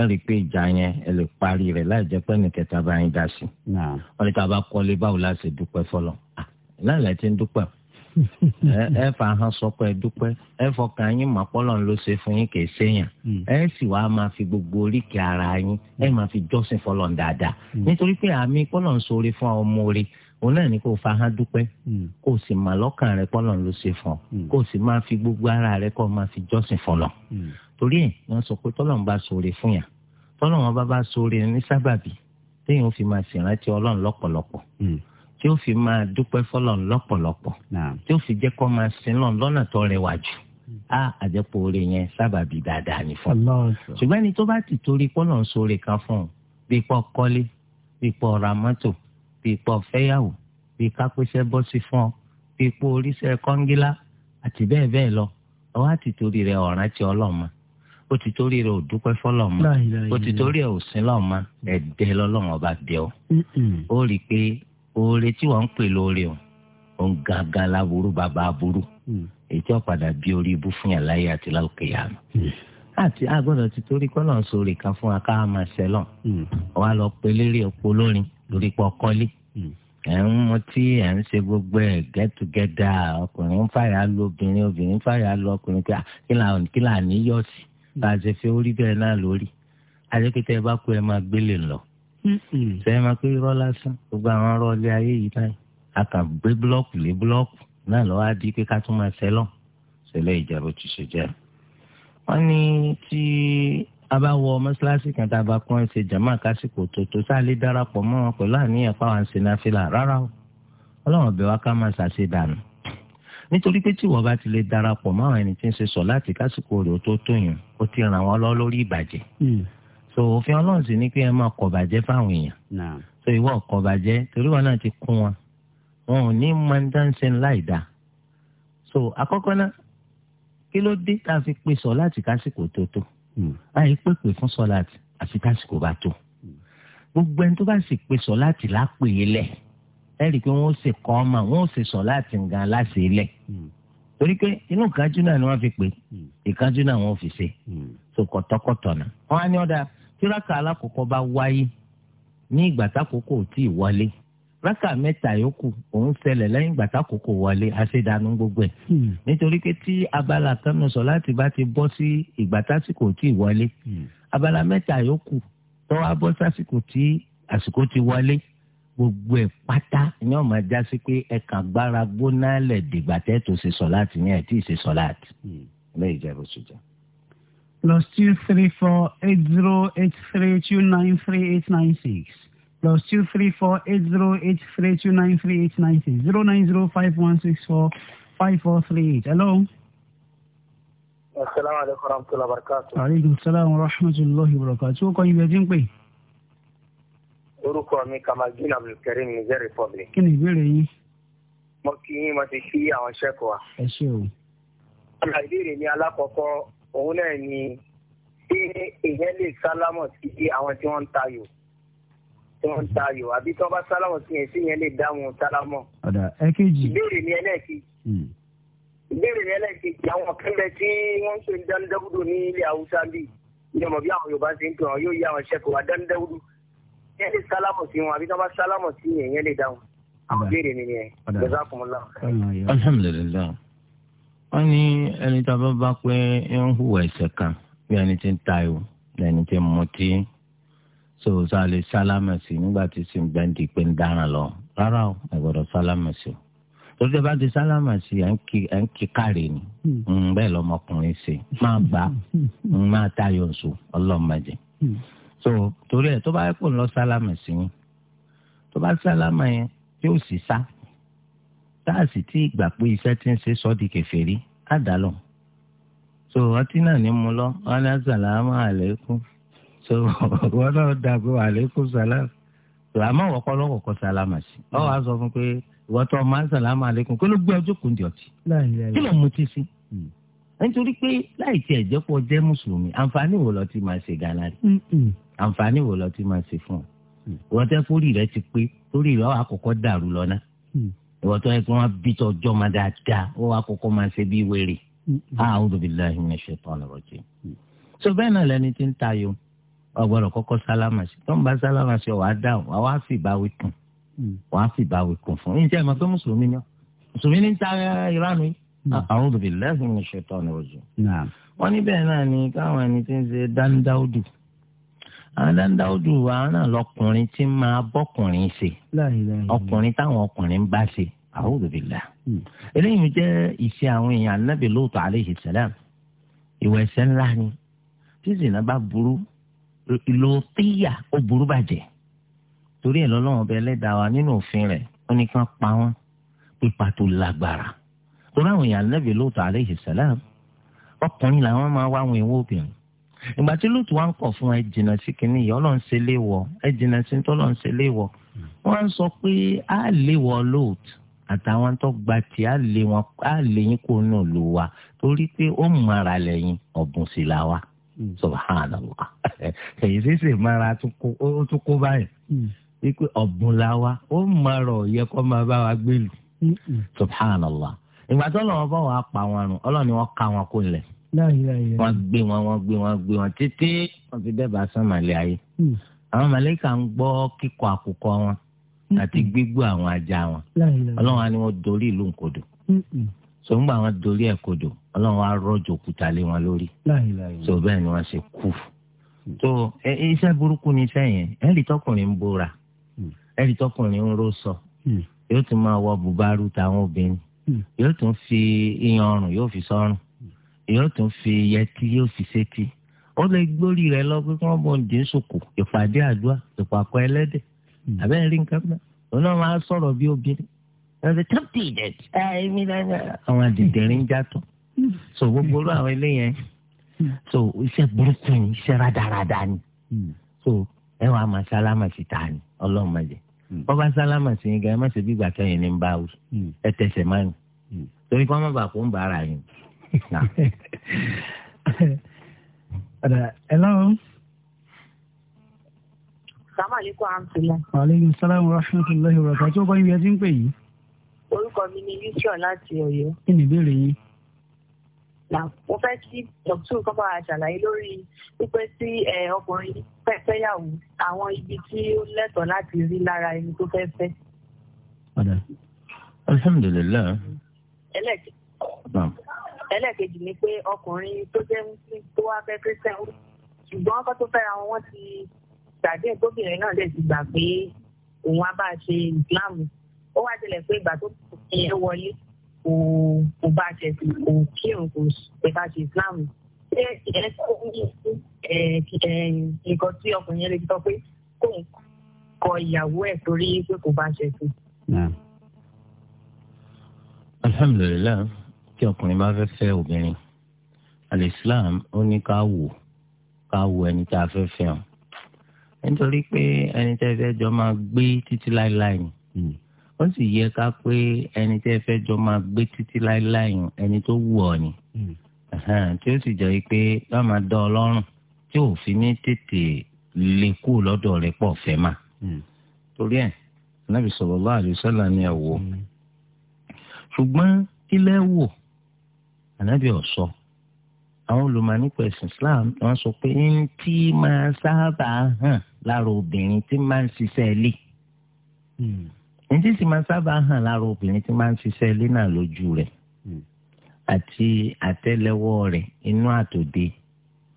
ẹ rí i pé ìjà yẹn ẹ lè parí rẹ̀ láì jẹ́ pé nìkẹta bá yín dá sí i wọn ní ká bá kọ́lé báwo la ṣe dúpẹ́ fọlọ ah, láìláì tí ń dúpẹ́ ẹ fà hàn sọ pé dúpẹ́ ẹ fọkàn yín màpọlọ ló ṣe fún yín kìí ṣèyàn hmm. ẹ sì wàá máa fi gbogbo oríkèé ara yín ẹ hmm. máa fi jọ́sìn fọlọ dáadáa hmm. nítorí pé àmì pọlọ ń ṣoore fún ọmọ rẹ̀ òun náà ni kò fahán dúpẹ́ hmm. kò sì mà lọ́kàn rẹ pọ́lọ̀ ló ṣe fún ọ hmm. kò sì máa fi gbogbo ara rẹ kọ́ máa fi jọ́sìn fún lọ. Hmm. torí ẹ̀ wọ́n sọ pé tọ́lọ́run bá ṣoore fún yà tọ́lọ́run bá bá ṣoore ní sábàbí téèyàn fi máa ṣèrántí ọlọ́run lọ́pọ̀lọpọ̀ tí ó fi máa dúpẹ́ fọlọ́run lọ́pọ̀lọpọ̀ tí ó fi jẹ́ kọ́ máa sin lọ́n lọ́nà tó rẹwà jù á àjẹpọ̀ oore yẹn sábàbí dáadáa ní fún bíi pọ̀ fẹ́yàwó bíi kápẹ́sẹ́ bọ́ sí fún ọ bíi pọ̀ oríṣẹ́ kọ́ńgílá àti bẹ́ẹ̀ bẹ́ẹ̀ lọ ọwọ́ àti torí rẹ̀ ọ̀ràn ti ọlọ́mọ ó ti torí rẹ̀ ò dúpẹ́ fọlọ́mọ ó ti torí ẹ̀ ò sin lọ́mọ ẹ̀dẹ́ lọ́lọ́mọ bá bẹ ọ. ó rí i pé oore tí wọ́n ń pè lóore o ò ń gangan láburú bàbá aburú mm. èyí tí wọ́n padà bí orí ibú fún yàn láyé àti láòkè yà mí mm. àti agbọ́dọ̀ ti torí kọ́lọ̀ sórí kan fún wa ká máa ṣẹlọ̀ mm. lọ pe lérí ọ̀pọ̀ lórin lórí pọ̀ kọ́lé hmm. ẹ̀ ń mutí ẹ̀ ń ṣe gbogbo ẹ̀ get together ọkùnrin ń fàyà lu obìnrin obìnrin ń fàyà lu ọkùnrin pé kí là ní yọ̀ sí hmm. bá a ṣe fi orí bẹ́ẹ̀ náà lórí ajẹ́kẹ́tẹ́ bá kú ẹ máa gbélé lọ. sẹ́yìn hmm. máa pé irọ́ lásán gbogbo àwọn ọ̀rọ̀ ilé ayé yìí náà a kàn gbé búlọ́ọ̀kù lé búlọ́ọ̀kù náà lọ́wọ́ á di pé ká tún máa ṣẹlọ̀ ṣẹlẹ̀ ìjàbọ̀ ti ṣe jẹ́. wọ́n ní tí a bá wọ mọ́ṣáláṣí kan tá a bá kọ́ ṣe jàmáà kásìkò tòótọ́ tá a lè darapọ̀ mọ́ wọn pẹ̀lú àníyàn pa àwọn sinafilà rárá o ọlọ́run ọbẹ̀ wa ká máa ṣàṣe dànù nítorí pé tí wọ́n bá ti lè darapọ̀ mọ́ àwọn ẹni tí ń ṣe sọ láti kásìkò rẹ̀ tó tó yàn ó ti ràn wọ́n lọ lórí ìbàjẹ́ hmm. so òfin ọlọ́run sì ní pé ẹ máa kọ̀ bàjẹ́ fáwọn èèyàn so ìwọ ọkọ̀ bàjẹ́ torí wọn náà ti kún wọn wọn ò ní máa ń so àkọ́kọ́ náà kí ló dé tá a fi pè sọ láti kásìkò tó tó báyìí hmm. pèpè fún sọláàtì àfi tásìkò bá tó hmm. gbogbo ẹni tó bá sì pe sọláàtì lápè yìí lẹ̀ ẹ rí i pé wọ́n ṣe kọ́ ọ́ mà wọ́n ṣe sọláàtì nǹkan aláṣẹ lẹ̀ hmm. torí pé inú ìkájú náà ni wọ́n fi pè ìkájú náà wọ́n fi ṣe so kọ̀tọ̀kọ̀tọ̀ náà wọ́n á ní ọ̀dà tíráàkà alákọ̀ọ́kọ́ bá wáyé ní ìgbà tákòókò tí ì wọlé rákà mẹ́ta yòókù òun ṣẹlẹ̀ lẹ́yìn gbàtà kòkò wọlé àṣedànù gbogbo ẹ̀ hmm. nítorí pé tí abala kanu sọ láti bá ti bọ́ sí ìgbà tásìkò tí ì wọlé hmm. abala mẹ́ta yòókù tó wá bọ́ sásìkò tí àsìkò ti wọlé gbogbo ẹ̀ pátá ni wọ́n máa já sí pé ẹ̀ka gbára gbóná lẹ̀ dìgbà tẹ́ tó ṣe sọ láti ní ẹ̀ tí ì ṣe sọ láti hmm. lẹ́yìn ìjẹ́bù ṣùjọ́ plus two three four eight zero eight three two nine three eight nine six plus two three four eight zero eight three two nine three eight nine six zero nine zero five one six four five four three eight. hello. asalaamualeykum warahmatulahi wabarakatuh. aleykum salaam wa rahmatulahi wa barakatuh. o kọ́ ibi ẹjẹ́ ń pè. orúkọ mi kamaldin abdulkareem niger republic. kí ni ìbéèrè yín. mo kí yín mo ti kí àwọn sẹ́kù wa. ẹ ṣé o. ọ̀nà ìbéèrè mi alákọ̀ọ́kọ́ òun náà ni ṣé èèyàn lè sálámọ̀ sí àwọn tí wọ́n ń tayò tí wọ́n ń ta ayò àbí tí wọ́n bá sálámọ̀ sí yẹn sí yẹn lè dáhùn sálámọ̀. ọ̀dà ẹ̀kejì. ìbéèrè ni ẹlẹ́ẹ̀kejì. Hmm. ìbéèrè ni ẹlẹ́ẹ̀kejì àwọn kẹ́lẹ́ tí wọ́n ń pè ní dáńdáwúdù ní ilẹ̀ haúsá bíi ní ọmọ bí àwọn yorùbá ṣe ń pè wọn yóò yí àwọn ṣẹ́kù wa dáńdáwúdù yẹn lè sálámọ̀ sí wọn àbí tí wọ́n bá sálámọ̀ sí yẹn yẹn lè dáhùn. àwọn ìbéèrè mi ni ẹ jazakumullah. alhamdulillah wọn ní ẹni tí a bá bá pé ń hùwà ẹ̀ṣẹ̀ kan bí ẹni tí ń ta ìwò ẹni tí ń so sá lè sálámà sí nígbà tí sì ń gbẹ́ǹdì pé ń dáràn lọ rárá o ẹ gbọ́dọ̀ sálámà sí o torí bá ti sálámà sí à ń kí káre ni hmm. bẹ́ẹ̀ lọmọkùnrin ṣe máa gbà hmm. máa tayọ̀ nsọ ọlọ́mọdé hmm. so torí ẹ̀ tó bá yẹ kó ń lọ sálámà sí yín tó bá sálámà yẹn yóò sì sá táàsì tí ìgbà pé iṣẹ́ ti ń ṣe sọ́ọ́dì kẹfẹ́rí á dá lọ so ọtí náà ní mu lọ wọn á ní asàlámù àlékún so wọn náà dà pé aleykum salam tó àmọ́ wọ́n kọ́ lọ́wọ́ kọ́ sálámà sí ọ hmm. wàá sọ fún pé ìwọ́n tó ọmọ sálámà aleykum kó ló gbé ọjọ́ kò ń di ọtí kí ló mú ti sí hmm. nítorí pé láì tiẹ̀ jẹ́ pọ̀ jẹ́ mùsùlùmí àǹfààní wo lọ́ọ́ ti máa ṣe gánà rí hmm, àǹfààní wo lọ́ọ́ ti máa ṣe fún ọ ìwọ́n tẹ́ fórí rẹ ti pé torí rẹ àkọ́kọ́ dàrú lọ́nà ìwọ́n tó yẹ kí wọ́n bí tọjọ́ máa dáadáa ó àkọ́kọ́ máa ṣe bí wèrè a'udhu billahi minash shaitanir rajim. so bẹ́ẹ̀ náà lẹni tí ń tayọ ọgbọ́dọ̀ kọ́kọ́ sálámà sí tó ń bá sálámà sí ọ wàá dáhùn wàá wá sì báwí kùn hmm. wàá sì báwí kùn fún yín jẹ́ ẹ̀ mọ̀ pé mùsùlùmí ni ọ mùsùlùmí ní ta ìránù yìí àwọn òbí lẹ́sìn ní ṣètò ọ̀nà òjò. wọ́n ní bẹ́ẹ̀ náà ni káwọn ẹni tí ń ṣe dáńdáódù àwọn dáńdáódù àwọn náà lọkùnrin tí máa bọ́kùnrin ṣe ọkùnrin táwọn ọkùnrin ń bá ṣe àwọn òbí lẹ́ eléyìí jẹ́ ìṣe àwọn èèyàn anábì lóòótọ́ alayhi salam ìwẹ̀ ẹ̀ṣẹ̀ ńlá ni tí zina bá burú lòókìyà ó burú bàjẹ́ torí ẹ̀ lọ́lọ́run ọbẹ̀ ẹlẹ́dàá wa nínú òfin rẹ̀ ó ní kán pa wọ́n pípa tó lágbára torí àwọn èèyàn Ànábì Lóòtù alayhi salam ọkùnrin làwọn máa wá àwọn èèwọ̀ obìnrin ìgbà tí Lóòtù wa ń kọ̀ fún ẹ jìnnà sí kínní yìí Ọlọ́run ṣe léèwọ̀ ẹ jìnnà sí tó Ọlọ́run ṣe léèwọ̀ wọ́n sọ pé á léèwọ̀ Lóòtù àtàwọn tó gba tí á lé yín kó nù lù wa torí pé ó mara lẹ́yìn ọ̀bùn sí la Mm. subhanallah èyí sì sì mara ó tún kó báyìí mm. wípé ọ̀bùn la wa ó mọ̀rọ̀ yẹ kó máa bá wa gbèlú subhanallah ìgbà tó lọ́wọ́ bá wàá pa wọn rùn ọlọ́run ni wọ́n ká wọn kó lẹ̀ wọ́n gbé wọn wọ́n gbé wọn gbé wọn títí wọ́n fi dẹ́ba sán màlẹ́ ayé mm. àwọn màlẹ́kà ń gbọ́ kíkọ àkùkọ wọn àti gbígbó àwọn ajá wọn ọlọ́run ni wọ́n dorí ìlú nkodo sọ̀ngbà wọn dorí ẹ̀ ọlọ́run wa rọ̀jò kúta lé wọn lórí tó bẹ́ẹ̀ ni wọ́n ṣe kú tó hmm. iṣẹ́ burúkú ni sẹ́yìn ẹ̀rí tọkùnrin ń bóra hmm. ẹ̀rí tọkùnrin ń ró sọ hmm. yóò tún máa wọ bùbárù táwọn obìnrin yóò tún fi iyan ọrùn yóò fi sọ́rùn yóò tún fi yẹtí yóò fi sétí ó lè gbórí rẹ lọ pé kí wọ́n bọ̀ ń dín sòkò ìpàdé àdúrà ìpàkọ́ ẹlẹ́dẹ̀ àbẹ́rẹ́ rí nǹkan náà òun náà máa sọ̀rọ̀ bí obìnrin ẹ̀ ẹ̀ tẹ́pìtì ìdẹ̀tì. àwọn àdìdẹ̀rín jàtọ̀ so gbogbo irú àwọn eléyẹn so iṣẹ́ burúkú ni iṣẹ́ rádaràda ni so ẹ wàá máa sálámà sí ta ni ọlọ́run máa jẹ bọ́bá sálámà sí yín gan ẹ má ṣe bí ìgbà kẹyìn ní ń bá wù ẹ tẹsẹ̀ máa nù torí kí wọ́n má bàa kó ń bá ara yín. hello. sàmàlíkò àǹtìlá. aleykum salaam wa rahmatulahi wa barakatuh. ọkọ yìí ẹ ti ń pè yìí. orúkọ mi ni yusuf láti Ọ̀yọ́. kí ni ìbéèrè yín islam mo fẹ́ kí dr kọ́ba ṣàlàyé lórí pípẹ́ sí ọkùnrin fẹ́yàwó àwọn ibi tí ó lẹ́tọ̀ọ́ láti rí lára ẹni tó fẹ́ fẹ́. alhamdulilayi. ẹlẹ́ẹ̀kejì ni pé ọkùnrin tó jẹ́ muslim tó wá fẹ́ christian ṣùgbọ́n ọkọ tó fẹ́ra wọn wọ́n ti ṣàdé gómìnà náà lè ti gbà pé òun á bá ṣe islam ó wá jẹlẹ̀ pé ìgbà tó kù ní ẹ wọlé kò kò bá ṣe sí kò kírun kò pẹ̀ka ṣe islam ṣé ẹ kó nǹkan tí ọkùnrin yẹn lè sọ pé kó ń kọ ìyàwó ẹ̀ torí pé kò bá ṣe sí. alhamdulilayi tí ọkùnrin bá fẹ́ fẹ́ obìnrin alislam ó ní ká wò ká wò ẹni tá a fẹ́ fẹ́ hàn nítorí pé ẹni tẹ́ fẹ́ jọ máa gbé títí láéláé ni. Hmm ó sì yẹ ká pé ẹni tẹ́ fẹ́ jọ máa gbé títí láéláé ẹni tó wù ọ́ ni hmm. tí ó sì jẹ́ pé yóò máa dán ọ lọ́rùn tí ò fi ní tètè lè kú lọ́dọ̀ rẹ pọ̀ fẹ́ mà. Hmm. torí ẹ̀ anábì sallallahu alaihi wasallam ni ẹ̀ wò hmm. ṣùgbọ́n ilé wò anábì ọ̀sọ́ àwọn olùmọ̀ọ́nì pẹ̀sìn Islam wọ́n sọ pé ń tí máa sábà hàn lára obìnrin tí máa ń ṣiṣẹ́ lé ǹjẹ́ si máa sábà hàn lára obìnrin tí máa ń ṣiṣẹ́ ilé náà lójú rẹ̀ hmm. àti àtẹ́lẹwọ́ rẹ̀ inú àtòdé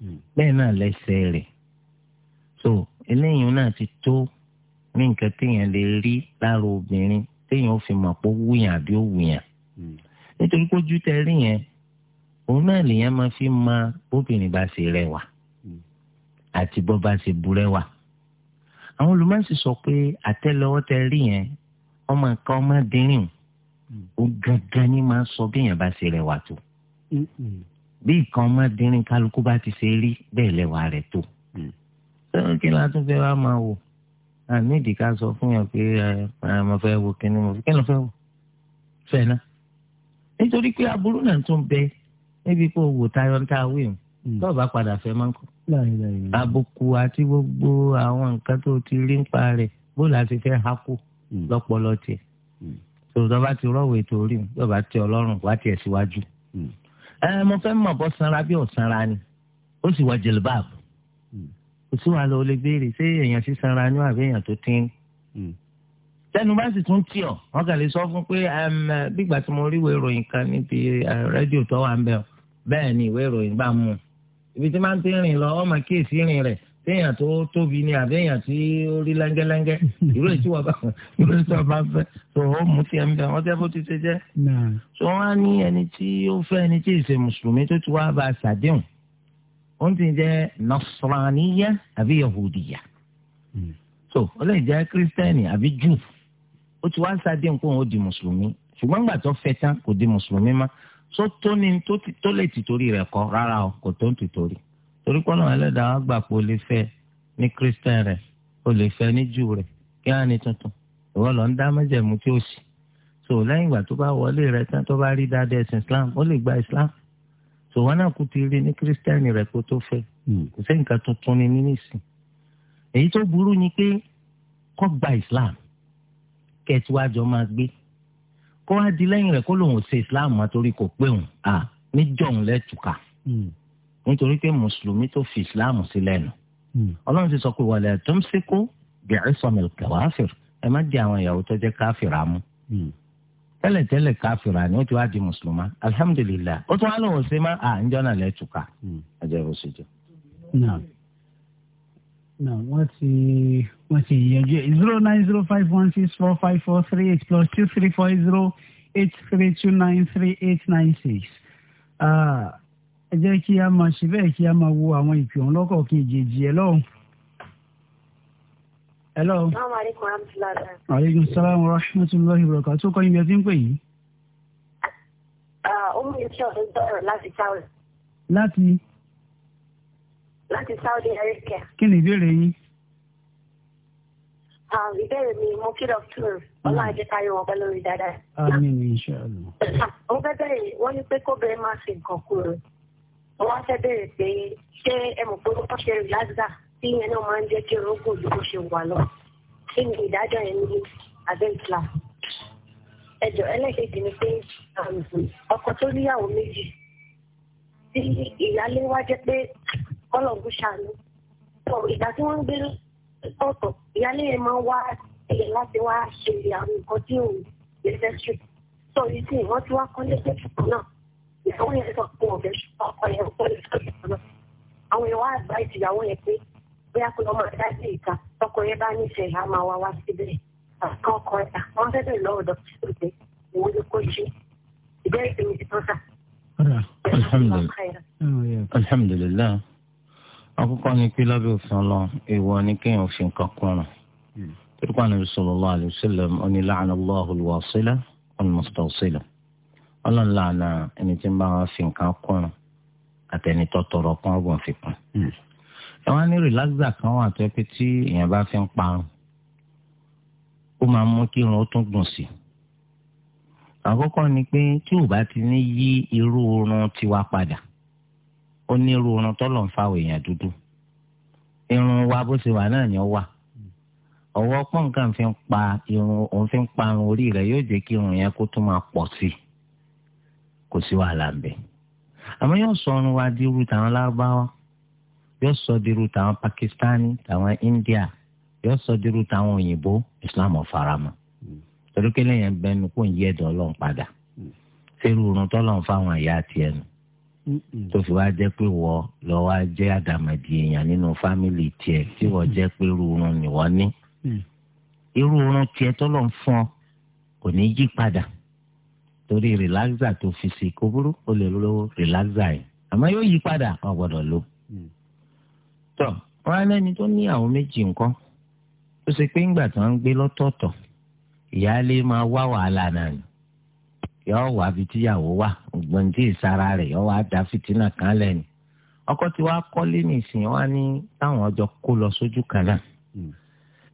hmm. bẹ́ẹ̀ náà lẹ́sẹ̀ rẹ̀ so eléyìí náà ti tó ní nǹkan téèyàn lè rí lára obìnrin téèyàn ó fi mọ̀ pé ó wùyàn àbí ó wùyàn hmm. nítorí pé ojú tẹ rí yẹn òun náà lèèyàn máa fi mọ̀ bóbìnrin bá ṣe rẹwà àti bó bá ṣe burẹ́wà àwọn olùmọ̀ọ́sì sọ pé àtẹ́lẹwọ́ tẹ rí yẹn ọmọ kan ọmọdéyìn mm. ó gángan ní máa sọ bí èèyàn bá ṣe rẹwà tó bí nǹkan ọmọdéyìn kálukú bá ti ṣe rí bẹ́ẹ̀ lẹ́wà rẹ̀ tó sẹ́wọ́n mm. kí la tún fẹ́ wá máa wò àmì ìdìka sọ fún yàn pé ẹ mo fẹ́ wo kíní mo fi kí ló fẹ́ wò fẹ́ náà nítorí pé aburú náà tún bẹ níbi kó wò tayọ̀ ń ta o mm. tó o bá padà fẹ́ máa ń kọ́ àbùkù àti gbogbo àwọn nǹkan tó ti rí ń pa rẹ̀ bó la fẹ́ hákò. Mm. lọ́pọlọ tiẹ̀ mm. tòótọ́ bá ti rọ́wọ́ ètò orí mi yóò bá tẹ ọlọ́run wá tiẹ̀ síwájú. Mm. ẹ mo fẹ́ mọ̀ bọ́ sanra bí ọ̀sanra ni ó sì wá jìlbáàbù kò sí wàá lọ lè béèrè ṣé èèyàn sí sanra ni àbí èèyàn tó tín tẹnu bá sì tún tí ọ wọn kàn lè sọ fún pé bígbà tí mo rí ìwé ìròyìn kan níbi rédíò tó wà ń bẹ bẹ́ẹ̀ ni ìwé ìròyìn bá mú un ibi tí máa ń tẹ́ rìn lọ ọmọ kíyèsí rìn rẹ̀ téèyàn tó tóbi ni àbẹ́yàn tí ó rí lẹ́ngẹ́lẹ́ngẹ́ ìró èyí tí wọ́n bá ìró èyí tí wọ́n bá fẹ́ tó ó mú tiẹ̀ ń bẹ̀ wọ́n tẹ́ bó ti ṣe jẹ́. tó wọ́n á ní ẹni tí ó fẹ́ ẹni tí ìṣe mùsùlùmí tó ti wá bá a ṣàdéhùn ó ń ti jẹ́ nasraniya àbí yahudiya. tó hmm. ó lè jẹ́ kírísítẹ́nì àbí jù ó ti wá ṣàdéhùn kó òun di mùsùlùmí ṣùgbọ́n gbà tó fẹ́ tán kò di mùsùlùmí torí pọ́n náà ẹlẹ́dàá gbà pé o lè fẹ́ ní kírísítẹ́n rẹ̀ o lè fẹ́ ní jù rẹ̀ kí á ní tuntun ìwọ lọ ń dá mẹ́jẹ̀mú tí ó sì so lẹ́yìn ìgbà tó bá wọlé rẹ̀ tán tó bá rí dáadáa ẹ̀sìn Islam ó lè gba Islam so wọn náà kú ti rí ní kírísítẹ́nì rẹ̀ kó tó fẹ́ hmm. kò sí nǹkan tuntun ni nínú ìsìn èyí tó burú ni pé kó gba Islam kẹ́ẹ̀tì wá jọ máa gbé kó wá di lẹ́yìn rẹ̀ kó lòun ò ṣe Islam mọ́ torí kò pé òun à níjọ́ òun lẹ́tùkà. Hmm nítorí pé mùsùlùmí tó fi islam sílẹ̀ nù hmm. ọlọ́run ti sọ pé wàlẹ̀ tó ń sekú bẹ̀rẹ̀ sọmìlì kẹwàáfìr ẹ má di àwọn ìyàwó tó jẹ́ káfìrà mú hmm. tẹ́lẹ̀tẹ́lẹ̀ káfìrà ni ó ti wá di mùsùlùmá alihamudulilayi ó tún wá lóun ṣe má à ń jọ́nà lẹ́tùkà hmm. ẹ̀jẹ̀ bó ṣe jẹ́. Now, wọ́n ti wọ́n ti yẹjú zero nine zero five one six four five four three eight plus two three four zero eight three two nine three eight nine six. Ah, ẹ jẹ́ kí a máa ṣe bẹ́ẹ̀ kí a máa wo àwọn ìpè ọ̀hún lọ́kọ̀ọ̀kan ìjèjì ẹ lọ́hùn. ẹ lọ́hùn. aleykum salaam wa rahmatulahi wa barakatuh tó kọ́ ibi ẹ ti ń pè yìí. ọmọ uh, mi ṣe ọ̀dọ́ sọ̀rọ̀ láti Saudi. láti. láti Saudi Arabia. kí ni ìbéèrè yín? Uh, ìbéèrè mi mo kí dọ́kítọ̀rù ọlá àjẹkáyọ̀ mm. wọn bẹ́ lórí dáadáa. àmín inshallah. mo fẹ́ bẹ́ẹ̀ wọ́n ní pé kóbìnrin máa fi nǹkan kúrò wọ́n fẹ́ bẹ̀rẹ̀ pé ṣé ẹ mọ̀ pé wọ́n ṣe lágbà tí ìyẹn náà máa ń jẹ́ kí orógùn ojú kó ṣe wà lọ kí ni ìdájọ́ yẹn ní abẹ́ ìtura ẹjọ́ ẹlẹ́kẹ̀kẹ́ ni pé um, ọkọ tó níyàwó méjì tí ìyálé wá jẹ́ pé kọ́lọ̀gù ṣàánú tó ìgbà tí wọ́n ń gbé ọ̀tọ̀ ìyálé yẹn máa ń wá ẹ̀yẹ láti wá ṣe àwọn nǹkan tí òun lè fẹ́ ṣe tó yìí sì wọ́n ti wá kọ́lé pẹ̀lú náà ìyàwó yẹn sọ pé òun fẹ́ ṣùgbọ́n ọkọ yẹn òun lè sọ ìyàwó náà àwọn èèyàn wá àgbà ìtìyàwó yẹn pé bóyá kó lọ́mọ ẹ̀dá sí ìta tọkọ yẹn bá nífẹ̀ẹ́ a máa wá wá síbẹ̀ ọkọ ẹ̀dá wọ́n fẹ́ bẹ̀rẹ̀ lọ́wọ́ dọ́kítà sí ló kó ṣe ìbéèrè pé ti tọ́ sà. alhamdulilayi àkọ́kọ́ ni pé lábẹ́ òfin Ọlọ́run èèwọ̀ ni kéèyàn fi nǹkan ọlọ́nlànà ẹni tí ń bá wọn fi nǹkan kọrùn àtẹnitọ́ tọrọ kún ọgbọ̀n fi kún. Hmm. ẹ wá ní rìláxà kan wà tó pé tí èèyàn bá fi ń parun ó máa mú kí irun ó tún gùn sí i. àkọ́kọ́ ni pé tí ò bá ti ní yí irú oorun tiwa padà ó ní irú oorun tọ́lọ̀ ń fáwọn èèyàn dúdú irun wa bó ṣe wà náà ni ó wà ọwọ́ pọ́ǹkà fi ń pa irun òun fi ń parun orí rẹ̀ yóò jẹ́ kí irun yẹn kó tún máa pọ̀ sí i kò sí wàhálà ń bẹ àmọ́ yóò sọ ọrùn wa di irú tàwọn lárúbáwá yóò sọ di irú tàwọn pakistani tàwọn india yóò sọ di irú tàwọn òyìnbó islam ọ̀farama torí kí lèyàn bẹnu kó ń yí ẹ̀dọ̀ ọlọ́run padà fẹ́rù oorun tọ́lọ̀ ń fáwọn àyà àti ẹnu tó fi wá jẹ́ pé wọ́ lọ́ wá jẹ́ àdàmàdì èèyàn nínú fámìlì tiẹ̀ tí wọ́n jẹ́ pé irú oorun nìwọ́ ní irú oorun tiẹ̀ tọ́lọ̀ fún ọ kò ní yí padà. torí relaxer tó fi si kó burú ó lè lo relaxer yìí àmọ́ yóò yí padà ọ gbọ́dọ̀ lò. Hmm. tọ́ wọn lẹ́ni tó ní àwọn méjì nǹkan tó ṣe pé ńgbà tí wọ́n ń gbé lọ́tọ̀ọ̀tọ̀ ìyáálé máa wá wàhálà náà ni yọọ wá fi tíyàwó wá ọgbọ́n tí ìsara rẹ̀ yọọ wá da fìtínà kan lẹ́nu ọkọ tí wàá kọ́lé nìsín wá ní táwọn ọjọ́ kó lọ sójú kan náà. Hmm.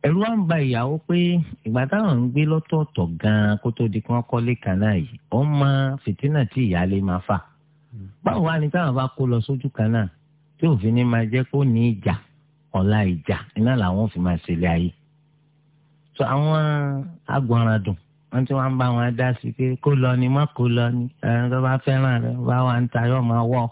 ẹ̀rù wa ń ba ìyàwó pé ìgbà táwọn ń gbé lọ́tọ̀ọ̀tọ̀ gan-an kó tó di kí wọ́n kọ́lé kan náà yìí ó mọ fìtínà tí ìyáálé máa fà hmm. báwo wá ni táwọn bá kó lọ sójú kan náà tí òfin ni máa jẹ́ kó ní ìjà ọ̀la ìjà iná làwọn fi máa ṣẹlẹ̀ ayé tó àwọn agbọ̀nràn dùn wọ́n ti wá bá wọn dá sí pé kó lọ ni má kó lọ ni ẹni tó bá fẹ́ràn rẹ bá wa ń tayọ̀ máa wọ̀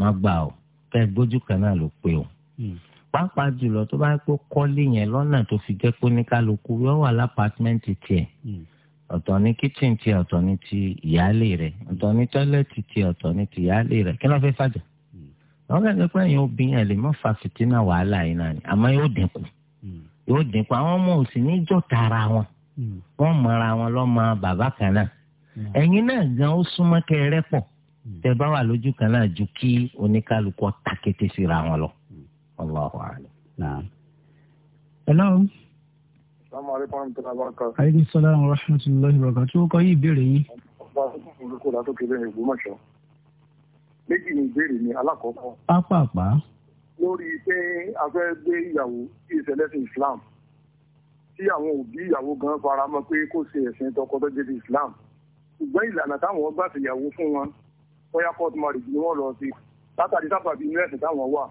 má gbà ó kẹ́ gbójú kan ló pé o. Hmm pàápàá jùlọ tó bá kó kọ́lé yẹn lọ́nà tó fi jẹ́ pé oníkálukú yóò wà lápàtmẹ́ǹtì tiẹ̀ hmm. ọ̀tọ̀ ní kíchìn tiẹ̀ ọ̀tọ̀ ní ti ìyáálé rẹ̀ ọ̀tọ̀ ní tọ́lẹ́tì tiẹ̀ ọ̀tọ̀ ní ti ìyáálé rẹ̀ kí ló fẹ́ fàjà. Hmm. àwọn kẹ́kẹ́ pé ẹ̀yin obìnrin ẹ̀ lè má fa fìtínà wàhálà yìí náà ni àmọ́ yóò dínkù hmm. yóò dínkù àwọn ọmọ òsì ní jọ tara wọn wọn mọra wọn lọ́mọ bàbá kan náà ẹ̀yin náà gan ó súnmọ́ kẹrẹ́ pọ̀ tẹ bá wà lójú kan náà ju Allahu a'lam. Naam. Hello. Assalamu alaikum warahmatullahi wabarakatuh. Aleykum salaam wa rahmatullahi wa barakatuh. Tí ó Lórí pé a fẹ́ Islam. Tí àwọn òbí ìyàwó gan fara mọ́ pé ṣe ẹ̀sìn tọkọtọ́jẹ́ ti Islam. Ṣùgbọ́n ìlànà táwọn fún wọn, ni wọ́n lọ sí. Látàrí sábàbí inú ẹ̀sìn táwọn wà.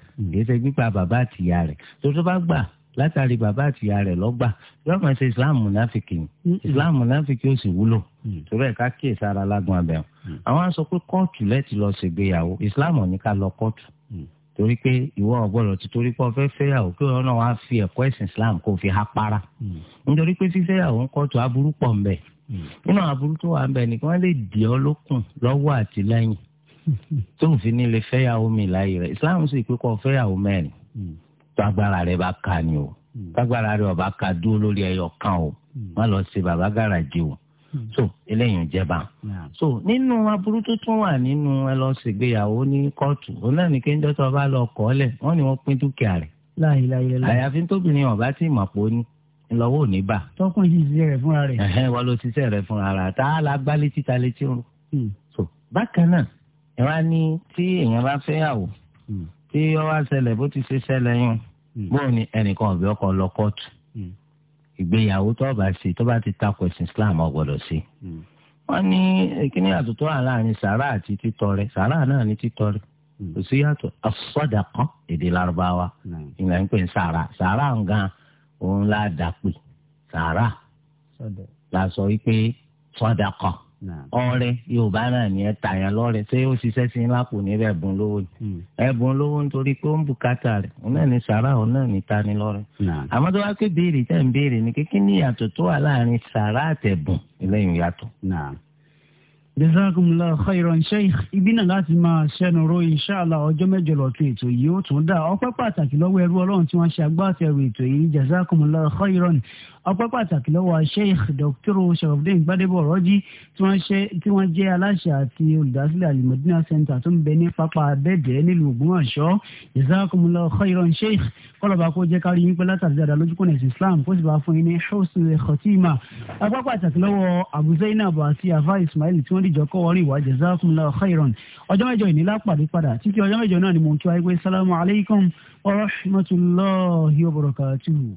kìí ṣe gbígbà bàbá àtìyá rẹ̀ tó tó bá gbà látàrí bàbá àtìyá rẹ̀ lọ́gbà yóò máa ṣe islam munafiki islam munafiki ó sì wúlò mm. torí ẹ̀ka kíyè sára lágùn abẹ́hùn mm. àwọn á sọ pé kóòtù lẹ́tì lọ ṣègbéyàwó islam ò ní ká lọ kóòtù mm. torí pé ìwọ ọgbọ́dọ̀ ti torí pé ọfẹ́ fẹ́yàwó kí wọn náà wá fi ẹ̀kọ́ ẹ̀sìn islam kó fi há para nítorí pé fífẹ́yàwó ń kóòtù aburú pọ̀ ń bẹ nínú aburú tó wà ń bẹ nìkan lè dì ọ́ lókun lọ́wọ́ àtìlẹ́yìn tó ń fi nílé fẹ́yàwó mi láàyè rẹ̀ islam sì pé kọ́ fẹ́yàwó mẹ́rin hmm. tó rẹ̀ bá ka ni o hmm. tágbára rẹ̀ ọba ka dúró lórí ẹyọ kan o hmm. má lọ sí baba garaje o so eléyìí ń jẹba so nínú aburú tó tún wà nínú ẹ lọ ṣègbéyàwó ní kóòtù òun náà ní kéńjọ́ tó bá lọ kọ́ lẹ̀ wọ́n ní wọ́n pín dúkìá rẹ̀ àyàfi tóbìnrin ọ̀bá tí mọ̀ pọ̀ ní lọ́wọ́ ò ní bà. tọkùnrin yìí ṣiṣẹ́ rẹ̀ fúnra rẹ̀. ẹ̀hẹ́n wọ́n ló ṣiṣẹ́ rẹ̀ fúnra rẹ̀ tá a la gbá létí ta létí rún. so bákan náà wọn á ní tí èèyàn bá fẹ́ yàwó hmm. tí ó wá ṣẹlẹ̀ bó ti ṣe ṣẹlẹ̀ yẹn hmm. bóun ni ẹnìkan ọ̀bẹ ọkọ lọ kóòtù hmm. ìgbéyàwó tó bá ṣe tó bá ti takò ẹ̀sìn Islam ò gbọ́dọ̀ ṣe. wọ́n ní kíní àtúntò àláàrin sàrà àti títọrẹ sàrà náà ní títọrẹ kò sí yàtọ̀ as-sadaqa èdè Lárúbáwá ìgbà ń pè ní sàrà sàrà nǹkan òun là dàpè sàrà la sọ wípé sadaqa. ọrẹ yorùbá náà ni ẹ tà yẹn lọrẹ ṣé ó ṣiṣẹ́ sí lápò ní ẹ̀bùn lówó ni hmm. ẹ̀bùn lówó nítorí pé ó ń bùkátà rẹ̀ òun náà ni sàrà òun náà ni tani lọrẹ. àmọ́ tó wá pé béèrè tẹ̀ ń béèrè ni kékeré ìyàtọ̀ tó wà láàrin jazakumullahu khairan sheikh ibi náà láti máa ṣẹnu ro inṣàlá ọjọ́ mẹ́jọ lọ́tún ètò yìí ó tún dá ọpẹ́ pàtàkì lọ́wọ́ ẹrú ọlọ́run tí wọ́n ṣe agbátẹrù ètò yìí jazakumullahu khairan ọpẹ́ pàtàkì lọ́wọ́ sheikh dr sharafdin gbadebo ọ̀rọ́jì tí wọ́n jẹ́ aláṣẹ àti olùdásílẹ̀ alimọ̀dínà center tó ń bẹ ní pápá abẹ́dẹ̀ nílùú ògbómọ̀ṣọ́ jazakumullahu khairan sheikh kọlọba kó jẹ́ kárí yín pé látàrí dáadáa lójúkọ̀nà ìsìn islam kó sì bá fún yín ní ṣọ́ọ̀sì wọ́n dìjọ kọ́ wọ́n rí ìwà jazakumullahu khairan ọjọ́ mẹ́jọ ìnílá pàdé padà títí ọjọ́ mẹ́jọ náà ni mo ń kí wáyé sálámù aleykum wa rahmatulahi wa barakatuhu.